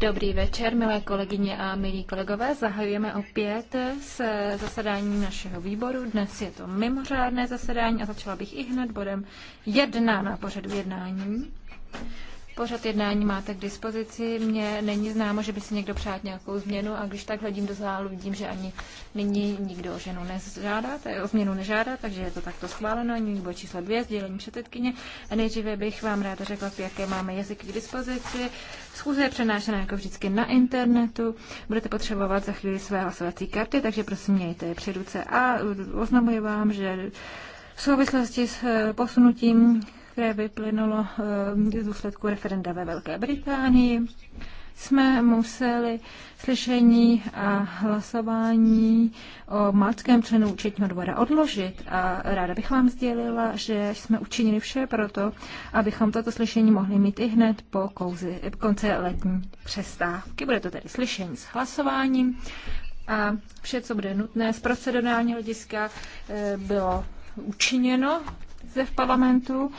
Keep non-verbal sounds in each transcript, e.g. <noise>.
Dobrý večer, milé kolegyně a milí kolegové. Zahajujeme opět s zasedáním našeho výboru. Dnes je to mimořádné zasedání a začala bych i hned bodem jedna na pořadu jednání. Pořad jednání máte k dispozici. Mně není známo, že by si někdo přát nějakou změnu a když tak hledím do zálu, vidím, že ani není nikdo o, ženu nežádá, o změnu nežádá, takže je to takto schváleno. Nyní bude číslo dvě, sdělení předsedkyně. A nejdříve bych vám ráda řekla, jaké máme jazyky k dispozici. Schůze je přenášena jako vždycky na internetu. Budete potřebovat za chvíli své hlasovací karty, takže prosím mějte je při ruce. A oznamuji vám, že v souvislosti s eh, posunutím které vyplynulo eh, z důsledku referenda ve Velké Británii, jsme museli slyšení a hlasování o malckém členu účetního dvora odložit a ráda bych vám sdělila, že jsme učinili vše pro to, abychom toto slyšení mohli mít i hned po kouzi, konce letní přestávky. Bude to tedy slyšení s hlasováním a vše, co bude nutné z procedurálního hlediska, eh, bylo učiněno zde v parlamentu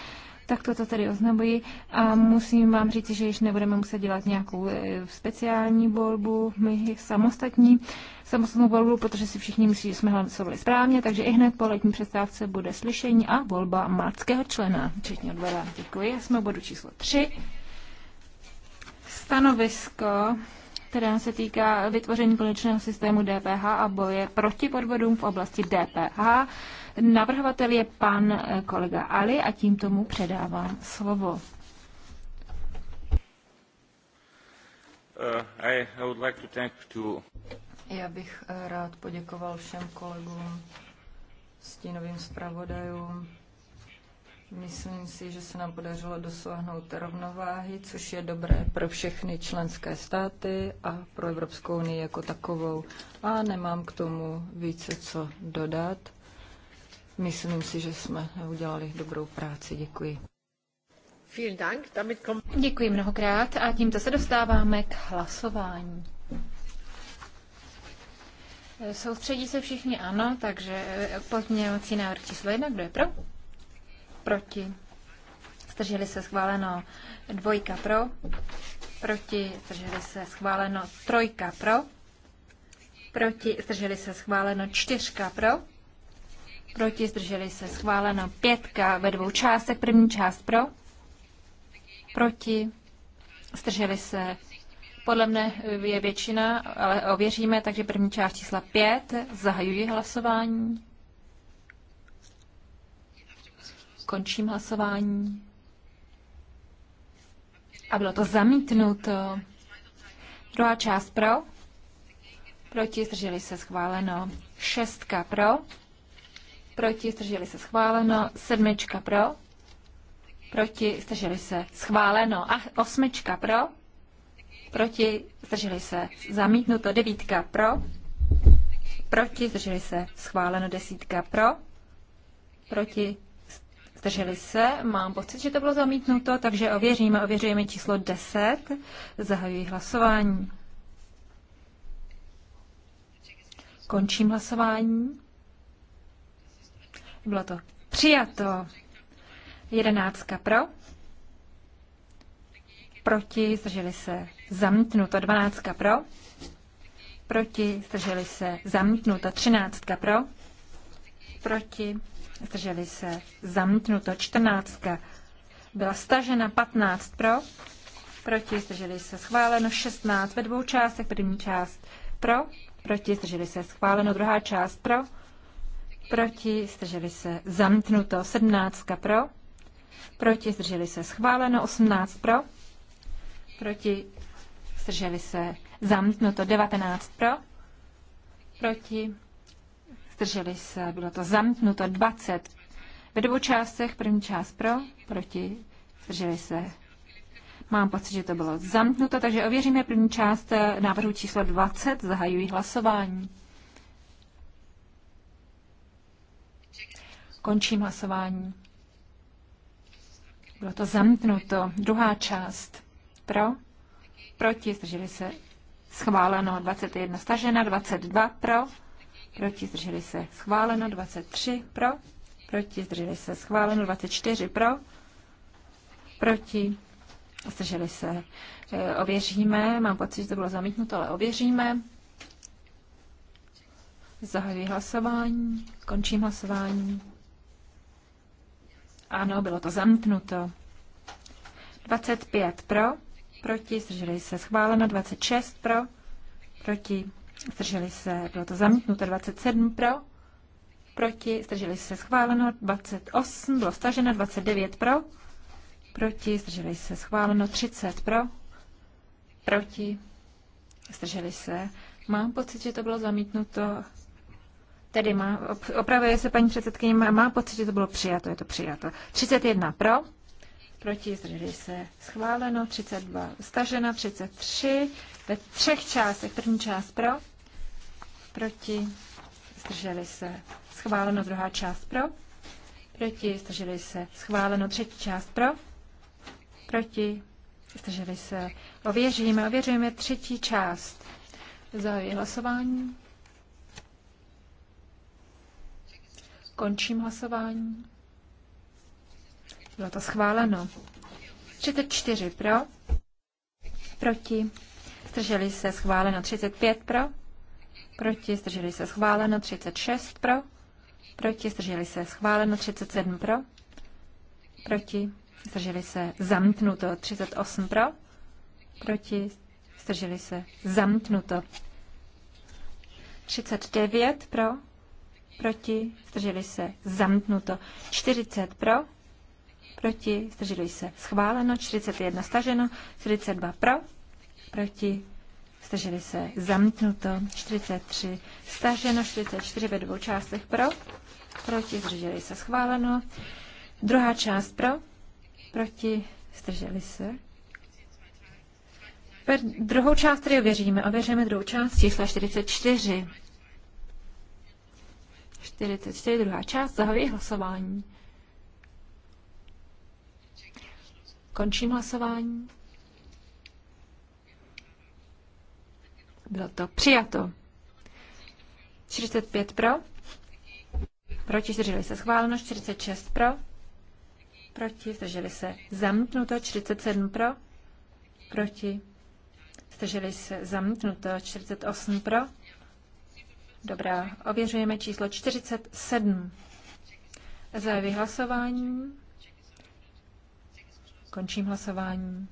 tak toto tady oznamuji a musím vám říct, že již nebudeme muset dělat nějakou e, speciální volbu, my samostatní, samostatnou volbu, protože si všichni myslí, že jsme hlasovali správně, takže i hned po letní přestávce bude slyšení a volba mladského člena, včetně odvora. Děkuji, jsme bodu číslo 3. Stanovisko která se týká vytvoření konečného systému DPH a boje proti podvodům v oblasti DPH. Navrhovatel je pan eh, kolega Ali a tím tomu předávám slovo. Uh, Já bych eh, rád poděkoval všem kolegům, stínovým zpravodajům. Myslím si, že se nám podařilo dosáhnout rovnováhy, což je dobré pro všechny členské státy a pro Evropskou unii jako takovou. A nemám k tomu více co dodat. Myslím si, že jsme udělali dobrou práci. Děkuji. Děkuji mnohokrát a tímto se dostáváme k hlasování. Soustředí se všichni ano, takže eh, pozměňovací návrh číslo jedna, kdo je pro? Proti. Strželi se schváleno dvojka pro, proti, Strželi se schváleno trojka pro, proti, Strželi se schváleno čtyřka pro, proti, zdrželi se, schváleno. Pětka ve dvou částech, první část pro, proti, zdrželi se. Podle mne je většina, ale ověříme, takže první část čísla pět zahajuji hlasování. Končím hlasování. A bylo to zamítnuto. Druhá část pro. Proti zdrželi se schváleno. Šestka pro proti, zdrželi se schváleno, sedmička pro, proti, zdrželi se schváleno a osmička pro, proti, zdrželi se zamítnuto, devítka pro, proti, zdrželi se schváleno, desítka pro, proti, zdrželi se, mám pocit, že to bylo zamítnuto, takže ověříme, ověřujeme číslo 10, zahajuji hlasování. Končím hlasování. Bylo to přijato. Jedenáctka pro. Proti zdrželi se zamítnuto. Dvanáctka pro. Proti zdrželi se zamítnuto. Třináctka pro. Proti zdrželi se zamítnuto. Čtrnáctka byla stažena. Patnáct pro. Proti zdrželi se schváleno. Šestnáct ve dvou částech. První část pro. Proti zdrželi se schváleno. Druhá část pro proti, zdrželi se, zamítnuto, 17 pro, proti, zdrželi se, schváleno, 18 pro, proti, zdrželi se, zamítnuto, 19 pro, proti, zdrželi se, bylo to zamítnuto, 20 ve dvou částech, první část pro, proti, zdrželi se, Mám pocit, že to bylo zamknuto, takže ověříme první část eh, návrhu číslo 20. Zahajuji hlasování. Končím hlasování. Bylo to zamknuto. Druhá část. Pro? Proti? Zdrželi se. Schváleno 21. Stažena 22. Pro? Proti? Zdrželi se. Schváleno 23. Pro? Proti? Zdrželi se. Schváleno 24. Pro? Proti? Zdrželi se. Eh, ověříme. Mám pocit, že to bylo zamítnuto, ale ověříme. Zahajuji hlasování. Končím hlasování. Ano, bylo to zamknuto. 25 pro, proti, zdrželi se schváleno, 26 pro, proti, zdrželi se, bylo to zamítnuto, 27 pro, proti, zdrželi se schváleno, 28 bylo staženo, 29 pro, proti, zdrželi se schváleno, 30 pro, proti, zdrželi se. Mám pocit, že to bylo zamítnuto, Tedy má, opravuje se paní předsedkyně, má, má pocit, že to bylo přijato, je to přijato. 31 pro, proti, zdrželi se, schváleno, 32 stažena, 33 ve třech částech, první část pro, proti, zdrželi se, schváleno, druhá část pro, proti, zdrželi se, schváleno, třetí část pro, proti, zdrželi se, ověříme, ověříme třetí část. Zahajuji hlasování. Končím hlasování. Bylo to schváleno. 34 pro, proti, zdrželi se schváleno 35 pro, proti, zdrželi se schváleno 36 pro, proti, zdrželi se schváleno 37 pro, proti, zdrželi se zamknuto 38 pro, proti, zdrželi se zamknuto 39 pro, proti, zdrželi se, zamknuto. 40 pro, proti, zdrželi se, schváleno. 41 staženo, 42 pro, proti, zdrželi se, zamknuto. 43 staženo, 44 ve dvou částech pro, proti, zdrželi se, schváleno. Druhá část pro, proti, zdrželi se. Per druhou část tedy ověříme. Ověříme druhou část čísla 44. 44, druhá část, zahajuji hlasování. Končím hlasování. Bylo to přijato. 45 pro. Proti zdrželi se schváleno. 46 pro. Proti zdrželi se zamítnuto. 47 pro. Proti zdrželi se zamítnuto. 48 pro Dobrá, ověřujeme číslo 47. Za vyhlasování. Končím hlasování.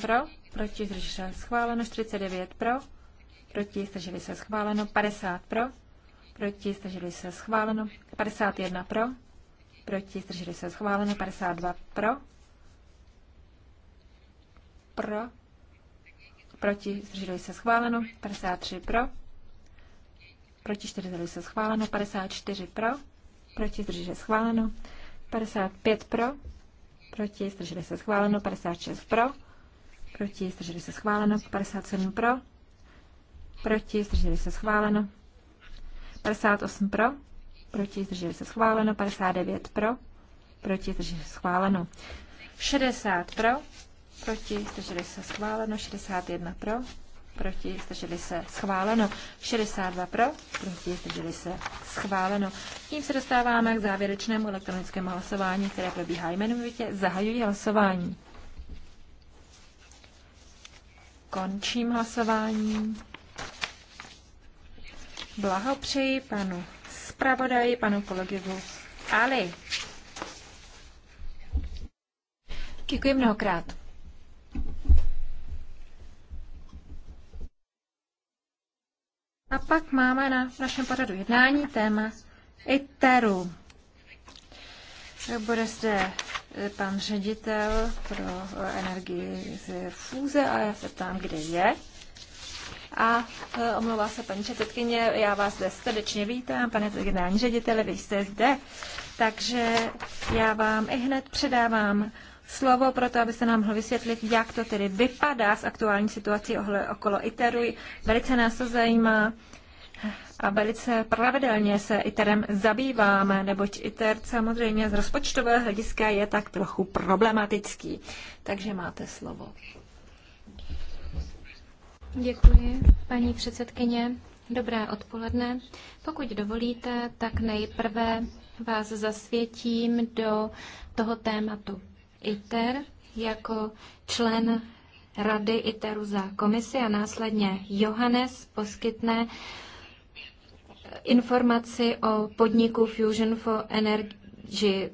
pro, proti zdrželi se schváleno, 49 pro, proti zdrželi se schváleno, 50 pro, proti zdrželi se schváleno, 51 pro, proti zdrželi se schváleno, 52 pro, pro, proti, zdrželi se schváleno, 53 pro, proti, 4 zdrželi se schváleno, 54 pro, proti, zdrželi se schváleno, 55 pro, proti, zdrželi se schváleno, 56 pro, proti, zdrželi se schváleno, 57 pro, proti, zdrželi se schváleno, 58 pro, proti, zdrželi se schváleno, 59 pro, proti, zdrželi se schváleno, 60 pro, proti, zdrželi se schváleno, 61 pro, proti, zdrželi se schváleno, 62 pro, proti, zdrželi se schváleno. Tím se dostáváme k závěrečnému elektronickému hlasování, které probíhá jmenovitě. Zahajuji hlasování. Končím hlasování. Blahopřeji panu zpravodaji, panu kolegovu Ali. Děkuji mnohokrát. pak máme na našem pořadu jednání téma ITERu. Bude zde e, pan ředitel pro e, energii z fůze, a já se ptám, kde je. A e, omlouvá se paní předsedkyně, já vás zde srdečně vítám, pane generální ředitele, vy jste zde. Takže já vám i hned předávám slovo pro to, abyste nám mohl vysvětlit, jak to tedy vypadá s aktuální situací okolo ITERu. Velice nás to zajímá a velice pravidelně se ITERem zabýváme, neboť ITER samozřejmě z rozpočtového hlediska je tak trochu problematický. Takže máte slovo. Děkuji, paní předsedkyně. Dobré odpoledne. Pokud dovolíte, tak nejprve vás zasvětím do toho tématu ITER jako člen Rady ITERu za komisi a následně Johannes poskytne uh, informaci o podniku Fusion for Energy,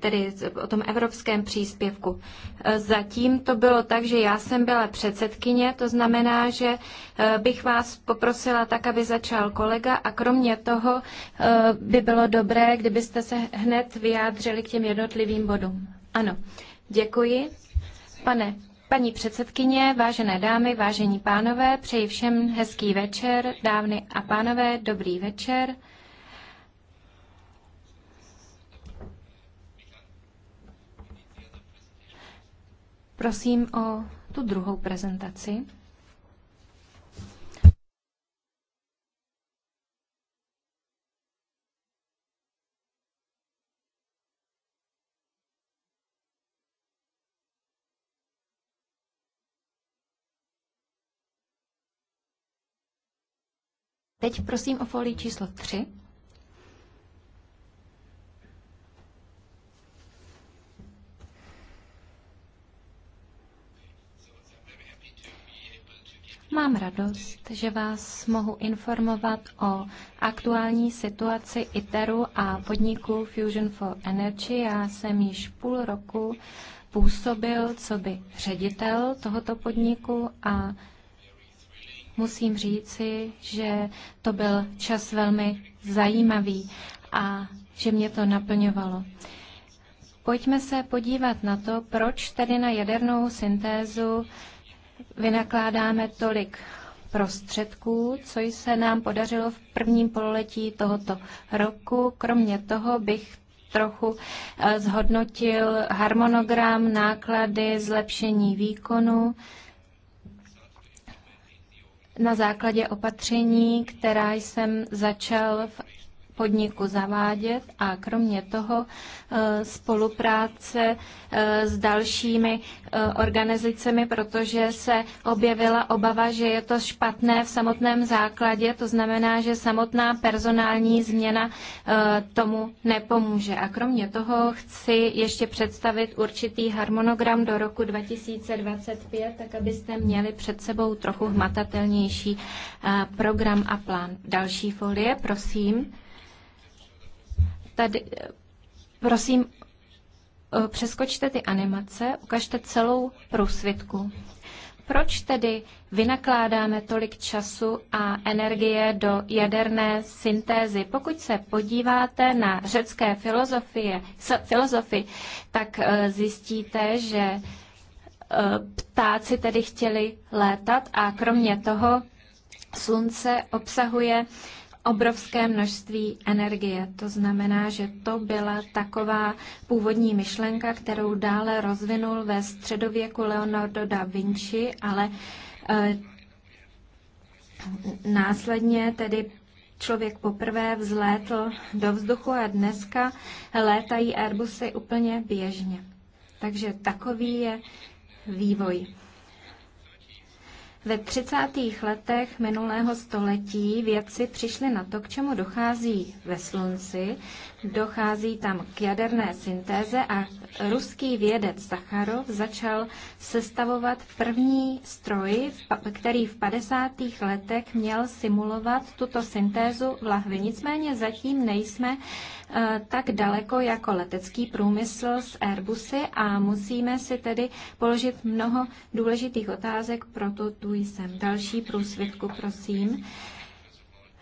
tedy o tom evropském příspěvku. E, zatím to bylo tak, že já jsem byla předsedkyně, to znamená, že e, bych vás poprosila tak, aby začal kolega a kromě toho e, by bylo dobré, kdybyste se hned vyjádřili k těm jednotlivým bodům. Ano, děkuji. Pane Paní předsedkyně, vážené dámy, vážení pánové, přeji všem hezký večer, dávny a pánové, dobrý večer. Prosím o tu druhou prezentaci. Teď prosím o folii číslo 3. Mám radost, že vás mohu informovat o aktuální situaci ITERu a podniku Fusion for Energy. Já jsem již půl roku působil co by ředitel tohoto podniku a musím říci, že to byl čas velmi zajímavý a že mě to naplňovalo. Pojďme se podívat na to, proč tedy na jadernou syntézu vynakládáme tolik prostředků, co se nám podařilo v prvním pololetí tohoto roku. Kromě toho bych trochu eh, zhodnotil harmonogram, náklady, zlepšení výkonu na základě opatření, která jsem začal v podniku zavádět a kromě toho e, spolupráce e, s dalšími e, organizacemi, protože se objevila obava, že je to špatné v samotném základě, to znamená, že samotná personální změna tomu nepomůže. A kromě toho chci ještě představit určitý harmonogram do roku 2025, tak abyste měli před sebou trochu hmatatelnější program a plán. Další folie, prosím tady, eh, prosím, eh, přeskočte ty animace, ukažte celou průsvitku. Proč tedy vynakládáme tolik času a energie do jaderné syntézy? Pokud se podíváte na řecké filozofie, filozofy, tak eh, zjistíte, že ptáci tedy chtěli létat a kromě toho slunce obsahuje uh, obrovské množství energie. To znamená, že to byla taková původní myšlenka, kterou dále rozvinul ve středověku Leonardo da Vinci, ale e, následně tedy člověk poprvé vzlétl do vzduchu a dneska létají Airbusy úplně běžně. Takže takový je vývoj. Ve 30. letech minulého století vědci přišli na to, k čemu dochází ve Slunci. Dochází tam k jaderné syntéze a ruský vědec Sacharov začal sestavovat první stroj, který v 50. letech měl simulovat tuto syntézu v lahvi. Nicméně zatím nejsme Eh, tak daleko jako letecký průmysl s Airbusy a musíme si tedy položit mnoho důležitých otázek, proto tu jsem. Další průsvědku, prosím.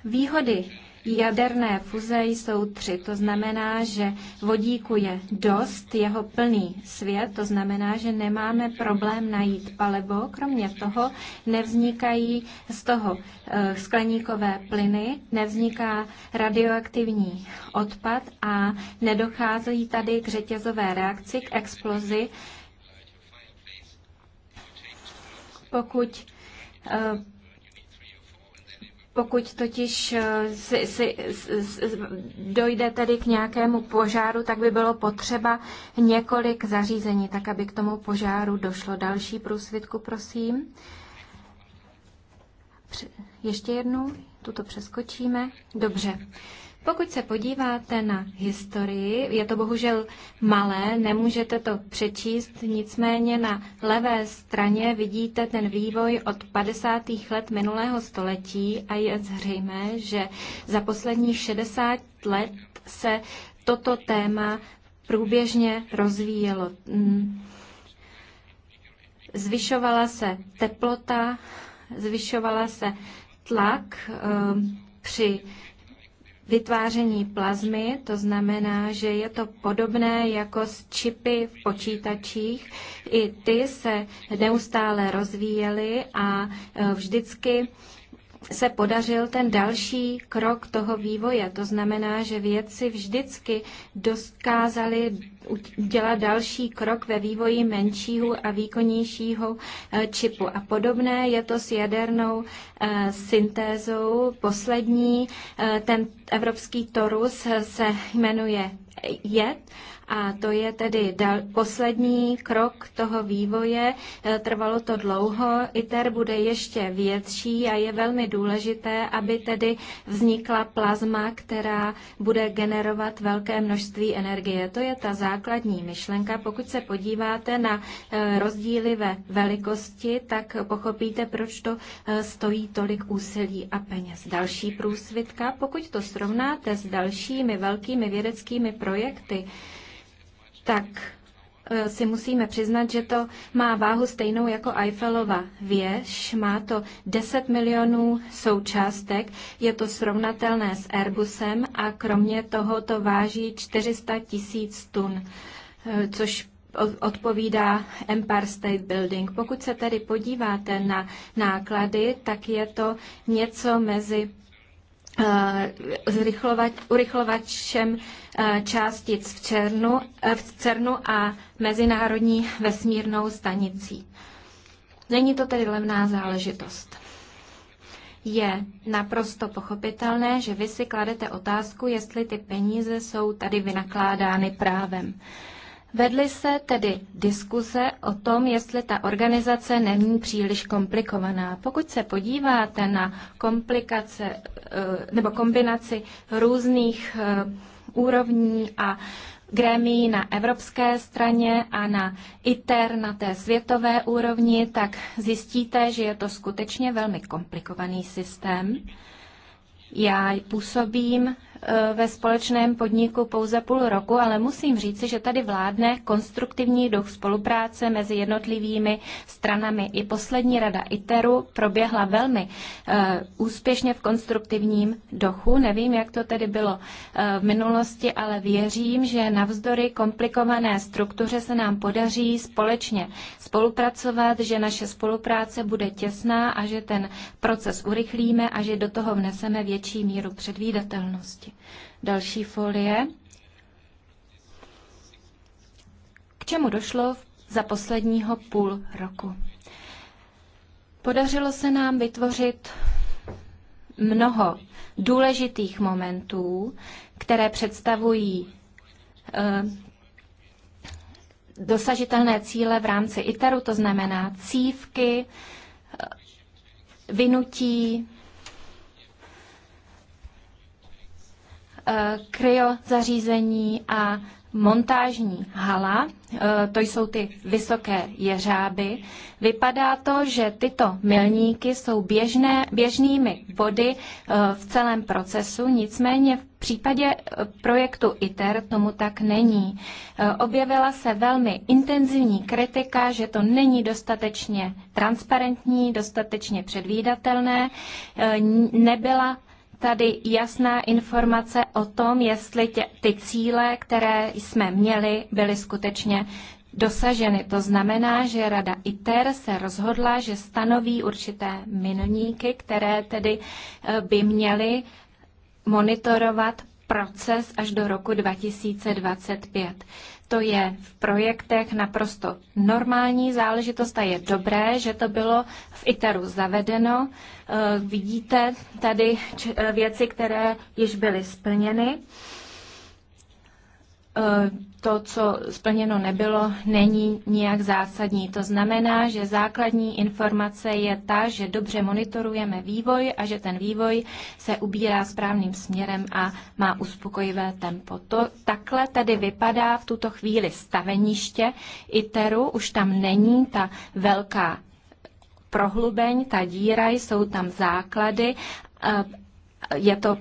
Výhody Jaderné fuze jsou tři, to znamená, že vodíku je dost, jeho plný svět, to znamená, že nemáme problém najít palivo. Kromě toho nevznikají z toho e, skleníkové plyny, nevzniká radioaktivní odpad a nedochází tady k řetězové reakci, k explozi. Pokud e, pokud totiž eh, si, si, si, dojde tedy k nějakému požáru, tak by bylo potřeba několik zařízení, tak aby k tomu požáru došlo. Další průsvitku, prosím. Ještě jednu, tuto přeskočíme. Dobře. Pokud se podíváte na historii, je to bohužel malé, nemůžete to přečíst, nicméně na levé straně vidíte ten vývoj od 50. let minulého století a je zřejmé, že za posledních 60 let se toto téma průběžně rozvíjelo. Mm. Zvyšovala se teplota, zvyšovala se tlak eh, při vytváření plazmy, to znamená, že je to podobné jako s čipy v počítačích. I ty se neustále rozvíjely a e, vždycky se podařil ten další krok toho vývoje. To znamená, že vědci vždycky dokázali dělat další krok ve vývoji menšího a výkonnějšího eh, čipu. A podobné je to s jadernou eh, syntézou. Poslední, eh, ten evropský torus se jmenuje JET. A to je tedy dal, poslední krok toho vývoje. Trvalo to dlouho, ITER bude ještě větší a je velmi důležité, aby tedy vznikla plazma, která bude generovat velké množství energie. To je ta základní základní myšlenka. Pokud se podíváte na e, rozdíly ve velikosti, tak pochopíte, proč to e, stojí tolik úsilí a peněz. Další průsvitka, pokud to srovnáte s dalšími velkými vědeckými projekty, tak Eh, si musíme přiznat, že to má váhu stejnou jako Eiffelova věž. Má to 10 milionů součástek, je to srovnatelné s Airbusem a kromě toho to váží 400 tisíc tun, eh, což odpovídá Empire State Building. Pokud se tedy podíváte na náklady, tak je to něco mezi Eh, zrychlovat, urychlovačem eh, částic v, černu, eh, v CERNu a Mezinárodní vesmírnou stanicí. Není to tedy levná záležitost. Je naprosto pochopitelné, že vy si kladete otázku, jestli ty peníze jsou tady vynakládány právem. Uh, Vedly se tedy diskuze o tom, jestli ta organizace není příliš komplikovaná. Pokud se podíváte na komplikace eh, nebo kombinaci různých eh, úrovní a grémií na evropské straně a na ITER na té světové úrovni, tak zjistíte, že je to skutečně velmi komplikovaný systém. Já působím ve společném podniku pouze půl roku, ale musím říci, že tady vládne konstruktivní duch spolupráce mezi jednotlivými stranami. I poslední rada ITERu proběhla velmi eh, úspěšně v konstruktivním duchu. Nevím, jak to tedy bylo eh, v minulosti, ale věřím, že navzdory komplikované struktuře se nám podaří společně spolupracovat, že naše spolupráce bude těsná a že ten proces urychlíme a že do toho vneseme větší míru předvídatelnosti. Další folie. K čemu došlo za posledního půl roku? Podařilo se nám vytvořit mnoho důležitých momentů, které představují eh, dosažitelné cíle v rámci ITERu, to znamená cívky, eh, vynutí Eh, kryozařízení a montážní hala, eh, to jsou ty vysoké jeřáby. Vypadá to, že tyto milníky jsou běžné, běžnými body eh, v celém procesu, nicméně v případě projektu ITER tomu tak není. Objevila se velmi intenzivní kritika, že to není dostatečně transparentní, dostatečně předvídatelné, nebyla tady jasná informace o tom, jestli tě, ty cíle, které jsme měli, byly skutečně dosaženy. To znamená, že Rada ITER se rozhodla, že stanoví určité milníky, které tedy eh, by měly monitorovat proces až do roku 2025. To je v projektech naprosto normální záležitost a je dobré, že to bylo v ITERu zavedeno. Eh, vidíte tady eh, věci, které již byly splněny. Eh, to, co splněno nebylo, není nijak zásadní. To znamená, že základní informace je ta, že dobře monitorujeme vývoj a že ten vývoj se ubírá správným směrem a má uspokojivé tempo. To takhle tedy vypadá v tuto chvíli staveniště ITERu. Už tam není ta velká prohlubeň, ta díra, jsou tam základy. Eh, je to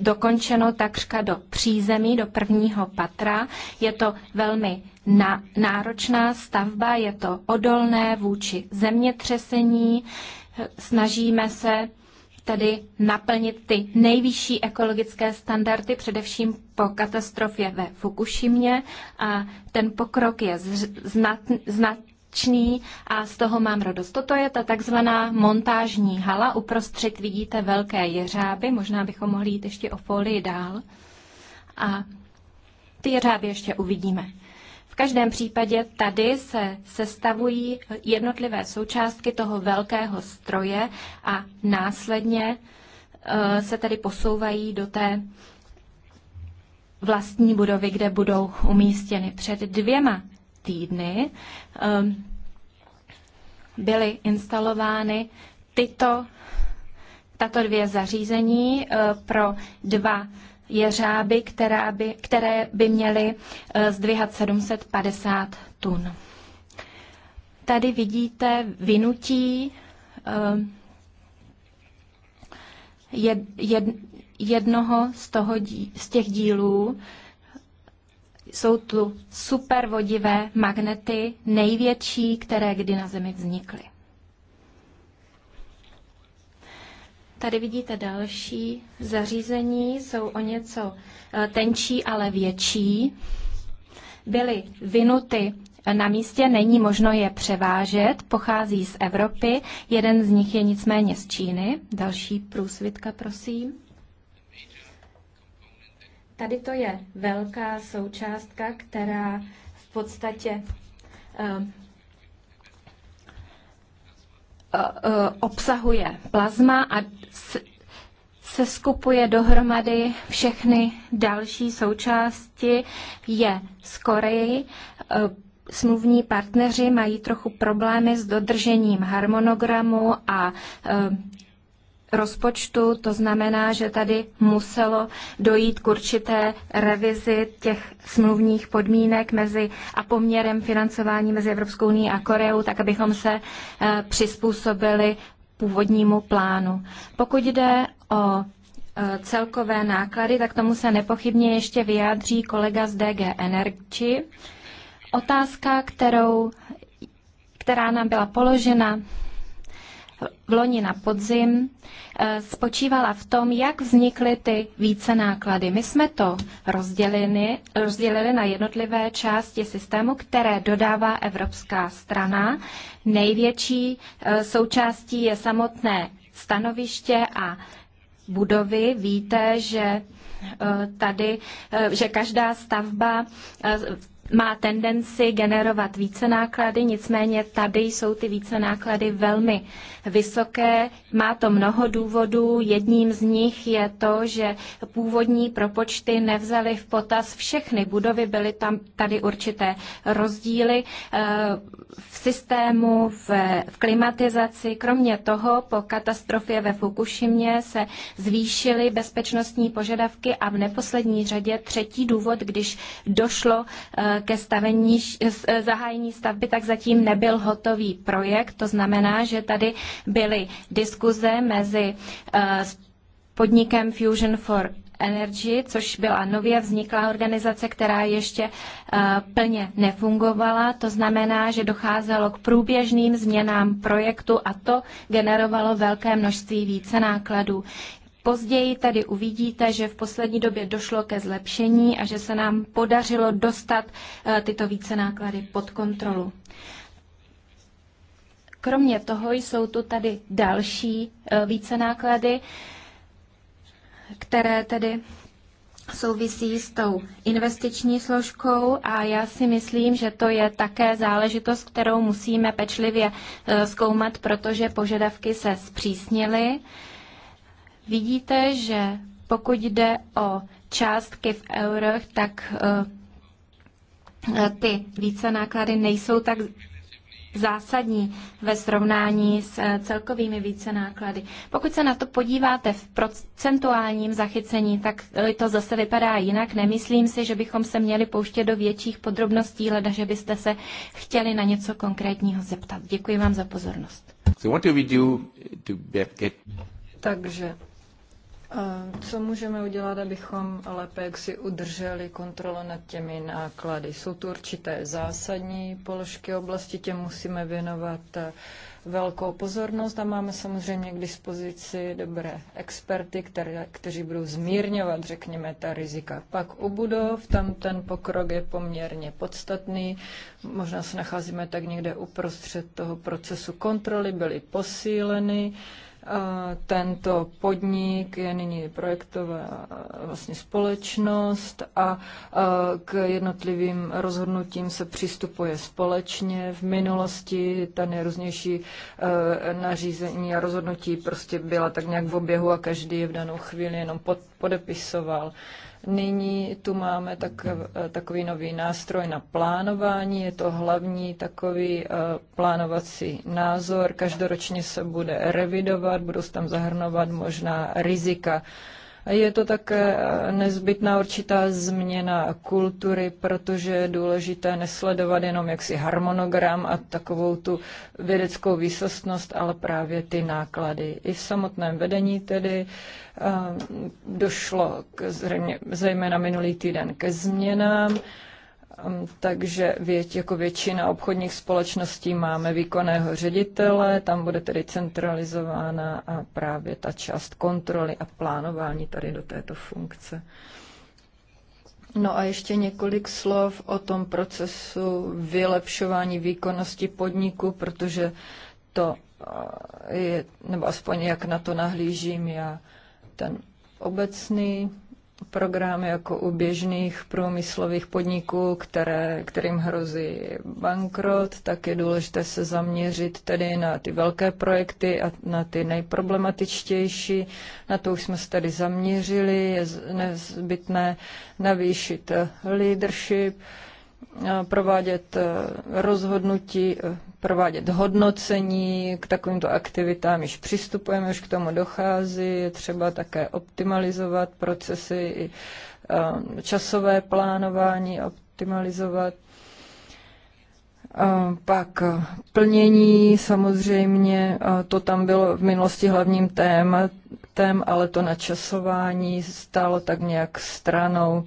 dokončeno takřka do přízemí, do prvního patra. Je to velmi na, náročná stavba, je to odolné vůči zemětřesení. Snažíme se tedy naplnit ty nejvyšší ekologické standardy, především po katastrofě ve Fukušimě. A ten pokrok je znat, znat, akční a z toho mám radost. Toto je ta takzvaná montážní hala. Uprostřed vidíte velké jeřáby, možná bychom mohli jít ještě o folii dál. A ty jeřáby ještě uvidíme. V každém případě tady se sestavují jednotlivé součástky toho velkého stroje a následně eh, se tedy posouvají do té vlastní budovy, kde budou umístěny. Před dvěma týdny ehm, byly instalovány tyto, tato dvě zařízení eh, pro dva jeřáby, která by, které by měly eh, zdvihat 750 tun. Tady vidíte vynutí ehm, jed, jed, jednoho z, toho, z těch dílů jsou tu supervodivé magnety, největší, které kdy na Zemi vznikly. Tady vidíte další zařízení, jsou o něco eh, tenčí, ale větší. Byly vynuty na místě, není možno je převážet, pochází z Evropy, jeden z nich je nicméně z Číny. Další průsvitka, prosím. Tady to je velká součástka, která v podstatě eh, eh, eh, obsahuje plazma a se skupuje dohromady všechny další součásti, je z Koreji. Smluvní partneři mají trochu problémy s dodržením harmonogramu a rozpočtu, to znamená, že tady muselo dojít k určité revizi těch smluvních podmínek mezi a poměrem financování mezi Evropskou unii a Koreou, tak abychom se eh, přizpůsobili původnímu plánu. Pokud jde o eh, celkové náklady, tak tomu se nepochybně ještě vyjádří kolega z DG Energy. Otázka, kterou, která nám byla položena, v loni na podzim eh, spočívala v tom, jak vznikly ty více náklady. My jsme to rozdělili, rozdělili na jednotlivé části systému, které dodává evropská strana. Největší eh, součástí je samotné stanoviště a budovy. Víte, že eh, tady, že každá stavba má tendenci generovat více náklady, nicméně tady jsou ty více náklady velmi vysoké. Má to mnoho důvodů. Jedním z nich je to, že původní propočty nevzaly v potaz všechny budovy, byly tam tady určité rozdíly eh, v systému, v, v klimatizaci. Kromě toho, po katastrofě ve Fukušimě se zvýšily bezpečnostní požadavky a v neposlední řadě třetí důvod, když došlo eh, ke stavení, e, zahájení stavby, tak zatím nebyl hotový projekt. To znamená, že tady byly diskuze mezi e, podnikem Fusion for Energy, což byla nově vzniklá organizace, která ještě e, plně nefungovala. To znamená, že docházelo k průběžným změnám projektu a to generovalo velké množství více nákladů. Později tady uvidíte, že v poslední době došlo ke zlepšení a že se nám podařilo dostat eh, tyto více náklady pod kontrolu. Kromě toho jsou tu tady další eh, více náklady, které tedy souvisí s tou investiční složkou a já si myslím, že to je také záležitost, kterou musíme pečlivě eh, zkoumat, protože požadavky se zpřísnily. Vidíte, že pokud jde o částky v eurech, tak eh, ty více náklady nejsou tak zásadní ve srovnání s eh, celkovými více náklady. Pokud se na to podíváte v procentuálním zachycení, tak eh, to zase vypadá jinak. Nemyslím si, že bychom se měli pouštět do větších podrobností, leda, že byste se chtěli na něco konkrétního zeptat. Děkuji vám za pozornost. So what do we do to get... Takže co můžeme udělat, abychom lépe jak si udrželi kontrolu nad těmi náklady? Jsou tu určité zásadní položky oblasti, těm musíme věnovat eh, velkou pozornost a máme samozřejmě k dispozici dobré experty, které, kteří budou zmírňovat, řekněme, ta rizika. Pak u budov, tam ten pokrok je poměrně podstatný. Možná se nacházíme tak někde uprostřed toho procesu kontroly, byly posíleny tento podnik je nyní projektová vlastně společnost a k jednotlivým rozhodnutím se přistupuje společně. V minulosti ta nejrůznější e, nařízení a rozhodnutí prostě byla tak nějak v oběhu a každý je v danou chvíli jenom podepisoval. Nyní tu máme tak, eh, takový nový nástroj na plánování, je to hlavní takový eh, plánovací názor. Každoročně se bude revidovat, budou se tam zahrnovat možná rizika je to také eh, nezbytná určitá změna kultury, protože je důležité nesledovat jenom jaksi harmonogram a takovou tu vědeckou výsostnost, ale právě ty náklady. I v samotném vedení tedy eh, došlo k, zřejmě, zejména minulý týden ke změnám takže věť, jako většina obchodních společností máme výkonného ředitele, tam bude tedy centralizována a právě ta část kontroly a plánování tady do této funkce. No a ještě několik slov o tom procesu vylepšování výkonnosti podniku, protože to eh, je, nebo aspoň jak na to nahlížím já, ten obecný program jako u běžných průmyslových podniků, které, kterým hrozí bankrot, tak je důležité se zaměřit tedy na ty velké projekty a na ty nejproblematičtější. Na to už jsme se tady zaměřili, je nezbytné navýšit leadership, Eh, provádět eh, rozhodnutí, eh, provádět hodnocení, k takovýmto aktivitám již přistupujeme, už k tomu dochází, je třeba také optimalizovat procesy i časové plánování, optimalizovat. Pak plnění, samozřejmě, to tam bylo v minulosti hlavním tématem, ale to načasování stálo tak nějak stranou.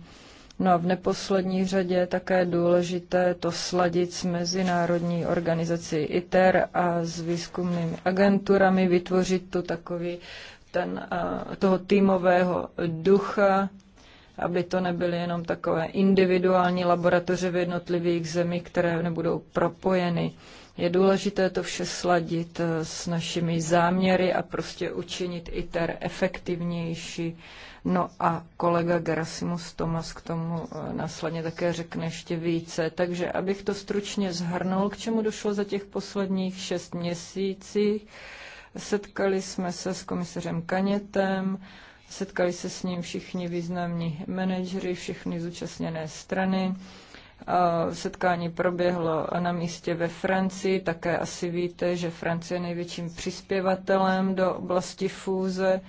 No a v neposlední řadě také důležité to sladit s mezinárodní organizací ITER a s výzkumnými agenturami, vytvořit tu takový ten, toho týmového ducha, aby to nebyly jenom takové individuální laboratoře v jednotlivých zemích, které nebudou propojeny. Je důležité to vše sladit e, s našimi záměry a prostě učinit ITER efektivnější No a kolega Gerasimus Tomas k tomu eh, následně také řekne ještě více. Takže abych to stručně zhrnul, k čemu došlo za těch posledních šest měsíců, Setkali jsme se s komisařem Kanětem, setkali se s ním všichni významní manažery, všechny zúčastněné strany. Eh, setkání proběhlo na místě ve Francii. Také asi víte, že Francie je největším přispěvatelem do oblasti fúze.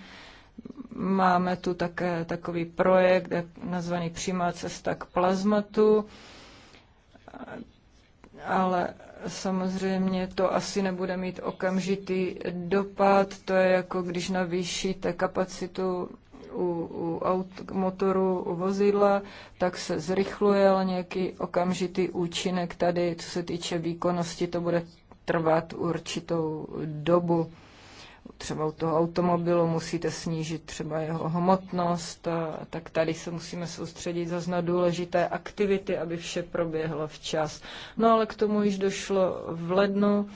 Máme tu také takový projekt nazvaný Přímá cesta k plazmatu, ale samozřejmě to asi nebude mít okamžitý dopad. To je jako když navýšíte kapacitu u, u aut, motoru, u vozidla, tak se zrychluje, ale nějaký okamžitý účinek tady, co se týče výkonnosti, to bude trvat určitou dobu třeba u toho automobilu musíte snížit třeba jeho hmotnost, tak tady se musíme soustředit zase na důležité aktivity, aby vše proběhlo včas. No ale k tomu již došlo v lednu.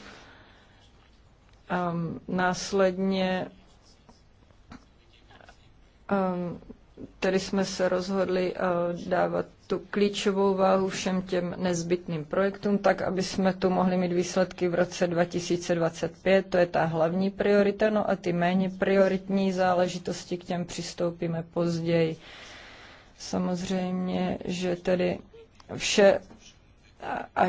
Um, následně um, tedy jsme se rozhodli eh, dávat tu klíčovou váhu všem těm nezbytným projektům, tak aby jsme tu mohli mít výsledky v roce 2025. To je ta hlavní priorita, no a ty méně prioritní záležitosti k těm přistoupíme později. Samozřejmě, že tedy vše a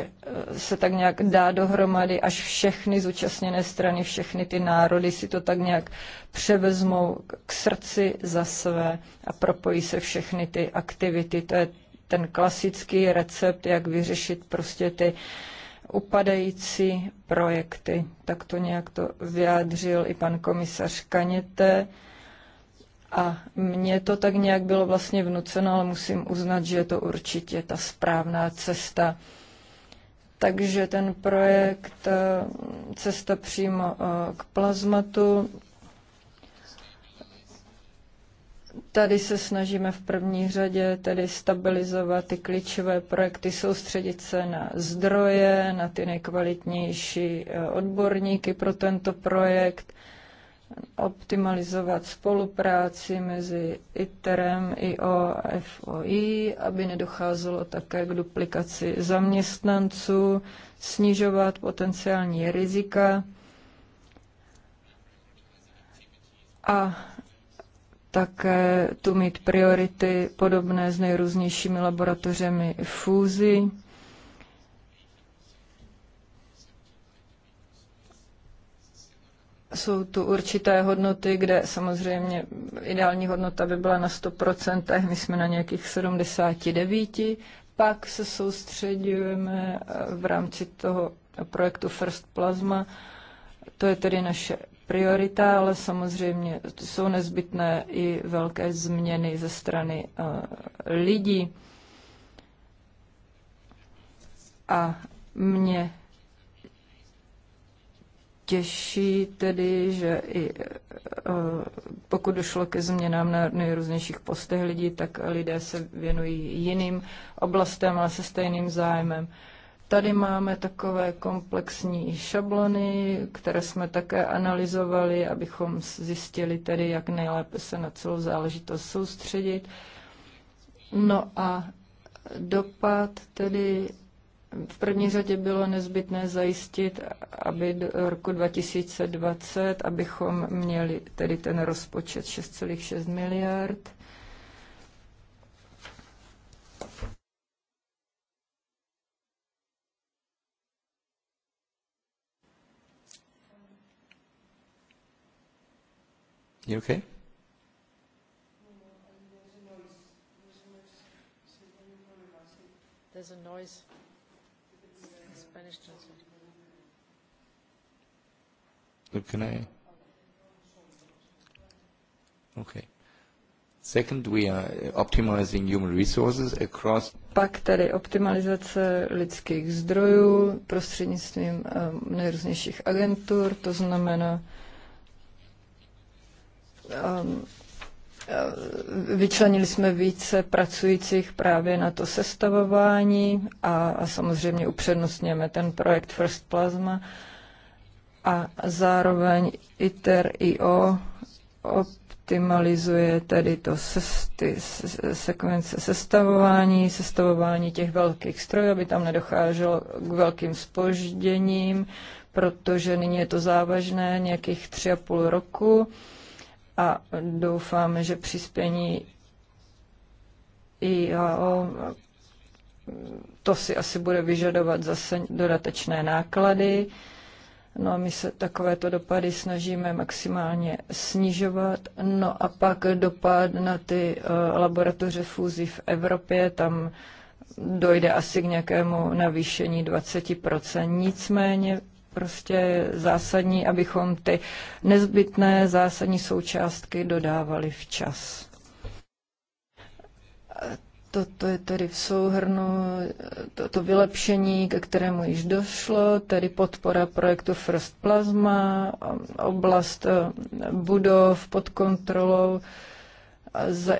se tak nějak dá dohromady, až všechny zúčastněné strany, všechny ty národy si to tak nějak převezmou k srdci za své a propojí se všechny ty aktivity. To je ten klasický recept, jak vyřešit prostě ty upadající projekty. Tak to nějak to vyjádřil i pan komisař Kaněte. A mně to tak nějak bylo vlastně vnuceno, ale musím uznat, že je to určitě ta správná cesta. Takže ten projekt eh, Cesta přímo eh, k plazmatu Tady se snažíme v první řadě tedy stabilizovat ty klíčové projekty, soustředit se na zdroje, na ty nejkvalitnější eh, odborníky pro tento projekt optimalizovat spolupráci mezi ITERem, i a aby nedocházelo také k duplikaci zaměstnanců, snižovat potenciální rizika a také tu mít priority podobné s nejrůznějšími laboratořemi fúzi jsou tu určité hodnoty, kde samozřejmě ideální hodnota by byla na 100%, my jsme na nějakých 79, pak se soustředujeme eh, v rámci toho projektu First Plasma, to je tedy naše priorita, ale samozřejmě jsou nezbytné i velké změny ze strany eh, lidí. A mě těší tedy, že i eh, pokud došlo ke změnám na nejrůznějších postech lidí, tak lidé se věnují jiným oblastem, ale se stejným zájmem. Tady máme takové komplexní šablony, které jsme také analyzovali, abychom zjistili tedy, jak nejlépe se na celou záležitost soustředit. No a dopad tedy v první řadě bylo nezbytné zajistit, aby do roku 2020, abychom měli tedy ten rozpočet 6,6 miliard. You okay? There's a noise. Spanish translation. can I? Okay. Second, we are optimizing human resources across... Pak tedy optimalizace lidských zdrojů prostřednictvím um, nejrůznějších agentur, to znamená um, Vyčlenili jsme více pracujících právě na to sestavování a, a samozřejmě upřednostňujeme ten projekt First Plasma a zároveň ITER-IO optimalizuje tedy to ses, ty sekvence sestavování, sestavování těch velkých strojů, aby tam nedocházelo k velkým spožděním, protože nyní je to závažné nějakých tři a půl roku a doufáme, že přispění jo, to si asi bude vyžadovat zase dodatečné náklady. No a my se takovéto dopady snažíme maximálně snižovat. No a pak dopad na ty eh, laboratoře fúzí v Evropě, tam dojde asi k nějakému navýšení 20%. Nicméně prostě zásadní, abychom ty nezbytné zásadní součástky dodávali včas. Toto je tedy v souhrnu toto vylepšení, ke kterému již došlo, tedy podpora projektu First Plasma, oblast eh, budov pod kontrolou,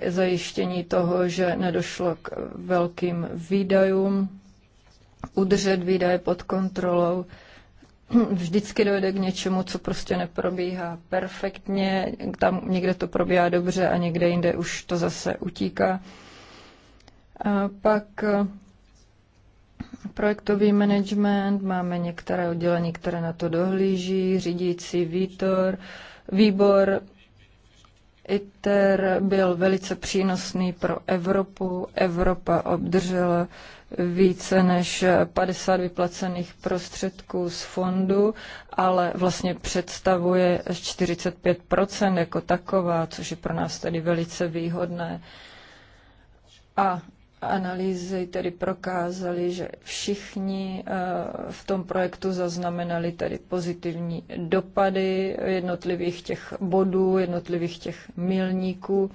zajištění toho, že nedošlo k velkým výdajům, udržet výdaje pod kontrolou <clears throat> vždycky dojde k něčemu, co prostě neprobíhá perfektně, tam někde to probíhá dobře a někde jinde už to zase utíká. A pak eh, projektový management, máme některé oddělení, které na to dohlíží, řídící výtor, výbor, ITER byl velice přínosný pro Evropu. Evropa obdržela více než 50 vyplacených prostředků z fondu, ale vlastně představuje 45 jako taková, což je pro nás tedy velice výhodné. A analýzy tedy prokázaly, že všichni eh, v tom projektu zaznamenali tedy pozitivní dopady jednotlivých těch bodů, jednotlivých těch milníků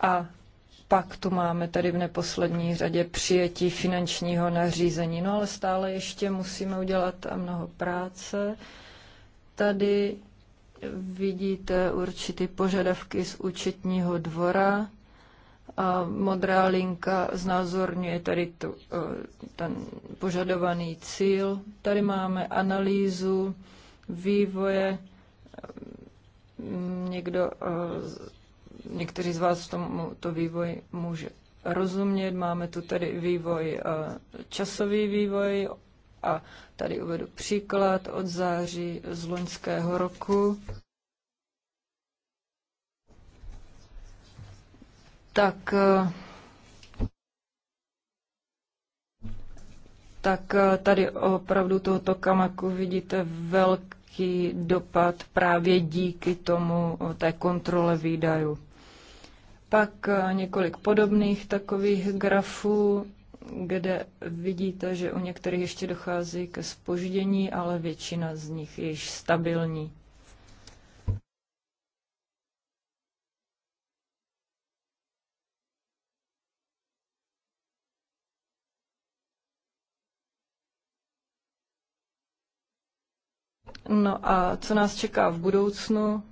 a pak tu máme tady v neposlední řadě přijetí finančního nařízení, no ale stále ještě musíme udělat mnoho práce. Tady vidíte určitý požadavky z účetního dvora. A modrá linka znázorňuje tady tu, eh, ten požadovaný cíl. Tady máme analýzu vývoje. Někdo eh, Někteří z vás tomu to vývoj může rozumět. Máme tu tedy vývoj, eh, časový vývoj a tady uvedu příklad od září z loňského roku. Tak eh, tak eh, tady opravdu tohoto kamaku vidíte velký dopad právě díky tomu té kontrole výdajů. Pak eh, několik podobných takových grafů, kde vidíte, že u některých ještě dochází ke spoždění, ale většina z nich je již stabilní. No a co nás čeká v budoucnu?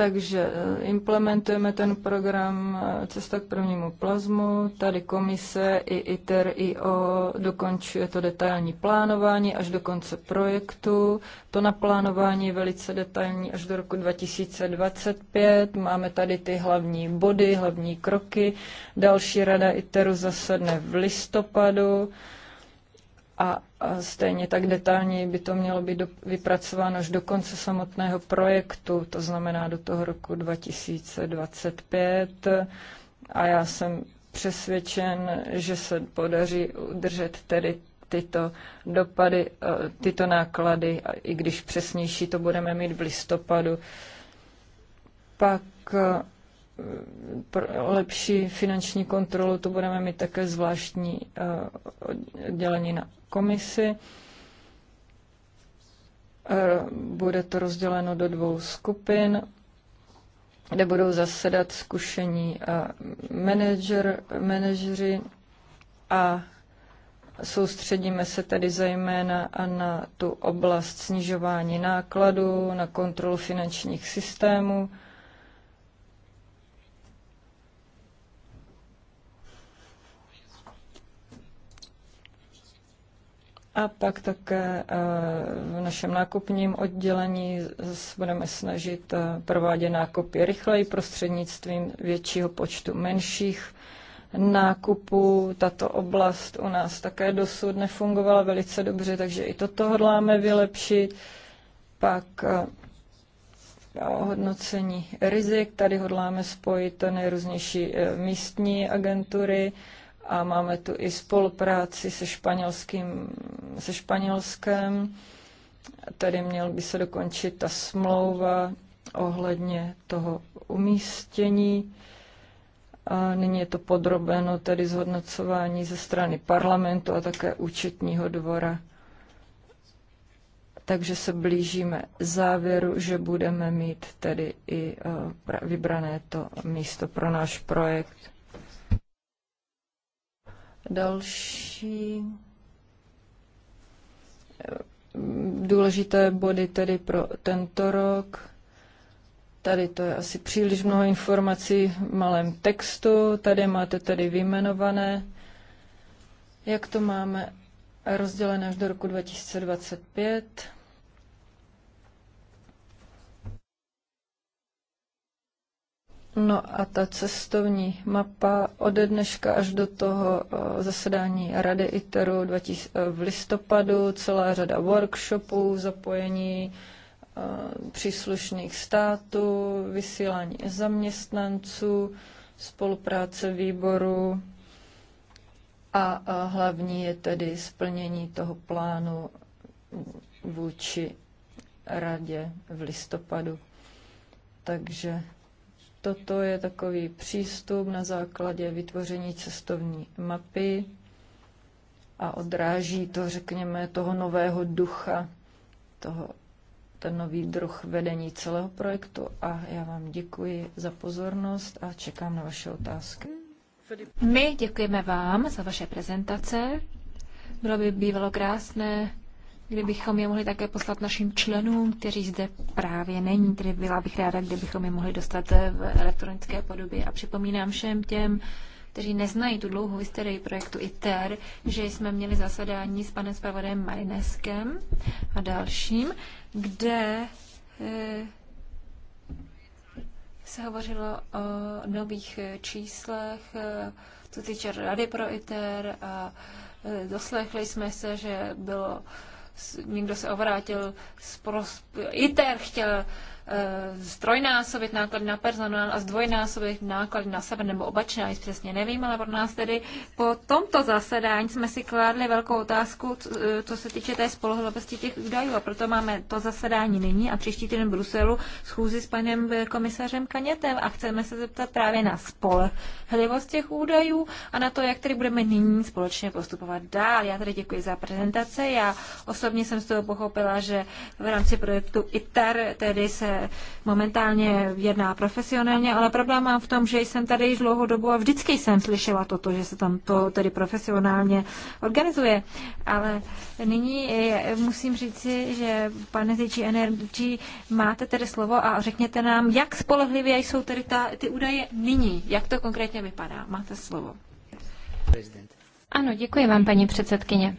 Takže eh, implementujeme ten program eh, Cesta k prvnímu plazmu. Tady komise i ITER, i O dokončuje to detailní plánování až do konce projektu. To naplánování je velice detailní až do roku 2025. Máme tady ty hlavní body, hlavní kroky. Další rada ITERu zasedne v listopadu a stejně tak detailně by to mělo být do, vypracováno až do konce samotného projektu, to znamená do toho roku 2025. A já jsem přesvědčen, že se podaří udržet tedy tyto dopady, e, tyto náklady, i když přesnější to budeme mít v listopadu. Pak e, lepší finanční kontrolu, to budeme mít také zvláštní eh, oddělení na komisi. Eh, bude to rozděleno do dvou skupin, kde budou zasedat zkušení eh, manažer, manažeři a Soustředíme se tedy zejména na tu oblast snižování nákladů, na kontrolu finančních systémů A pak také eh, v našem nákupním oddělení budeme snažit eh, provádět nákupy rychleji prostřednictvím většího počtu menších nákupů. Tato oblast u nás také dosud nefungovala velice dobře, takže i toto hodláme vylepšit. Pak eh, hodnocení rizik. Tady hodláme spojit nejrůznější místní agentury, a máme tu i spolupráci se, španělským, se Španělskem. Tady měl by se dokončit ta smlouva ohledně toho umístění. A nyní je to podrobeno tedy zhodnocování ze strany parlamentu a také účetního dvora. Takže se blížíme závěru, že budeme mít tedy i eh, vybrané to místo pro náš projekt. Další eh, důležité body tedy pro tento rok. Tady to je asi příliš mnoho informací v malém textu. Tady máte tedy vyjmenované, jak to máme rozdělené až do roku 2025. No a ta cestovní mapa ode dneška až do toho eh, zasedání Rady ITERu eh, v listopadu, celá řada workshopů, zapojení eh, příslušných států, vysílání zaměstnanců, spolupráce výboru a hlavní je tedy splnění toho plánu vůči radě v listopadu. Takže Toto je takový přístup na základě vytvoření cestovní mapy a odráží to, řekněme, toho nového ducha, toho, ten nový druh vedení celého projektu. A já vám děkuji za pozornost a čekám na vaše otázky. My děkujeme vám za vaše prezentace. Bylo by bývalo krásné kdybychom je mohli také poslat našim členům, kteří zde právě není. Tedy byla bych ráda, kdybychom je mohli dostat v elektronické podobě. A připomínám všem těm, kteří neznají tu dlouhou historii projektu ITER, že jsme měli zasedání s panem zpravodajem Marineskem a dalším, kde eh, se hovořilo o nových číslech, eh, co týče rady pro ITER a eh, doslechli jsme se, že bylo někdo se ovrátil, z pros... ITER chtěl strojnásobit eh, náklady na personál a zdvojnásobit náklady na sebe, nebo obačně, já přesně nevím, ale pro nás tedy po tomto zasedání jsme si kládli velkou otázku, eh, co se týče té spolehlivosti těch údajů a proto máme to zasedání nyní a příští týden v Bruselu schůzi s panem eh, komisařem Kanětem a chceme se zeptat právě na spolehlivost těch údajů a na to, jak tedy budeme nyní společně postupovat dál. Já tedy děkuji za prezentace. Já osobně jsem z toho pochopila, že v rámci projektu ITER tedy se momentálně jedná profesionálně, ale problém mám v tom, že jsem tady již dlouhou dobu a vždycky jsem slyšela toto, že se tam to tedy profesionálně organizuje. Ale nyní eh, musím říci, že pane Zičí Energy, máte tedy slovo a řekněte nám, jak spolehlivě jsou tedy ta, ty údaje nyní, jak to konkrétně vypadá. Máte slovo. Prezident. Ano, děkuji vám, paní předsedkyně.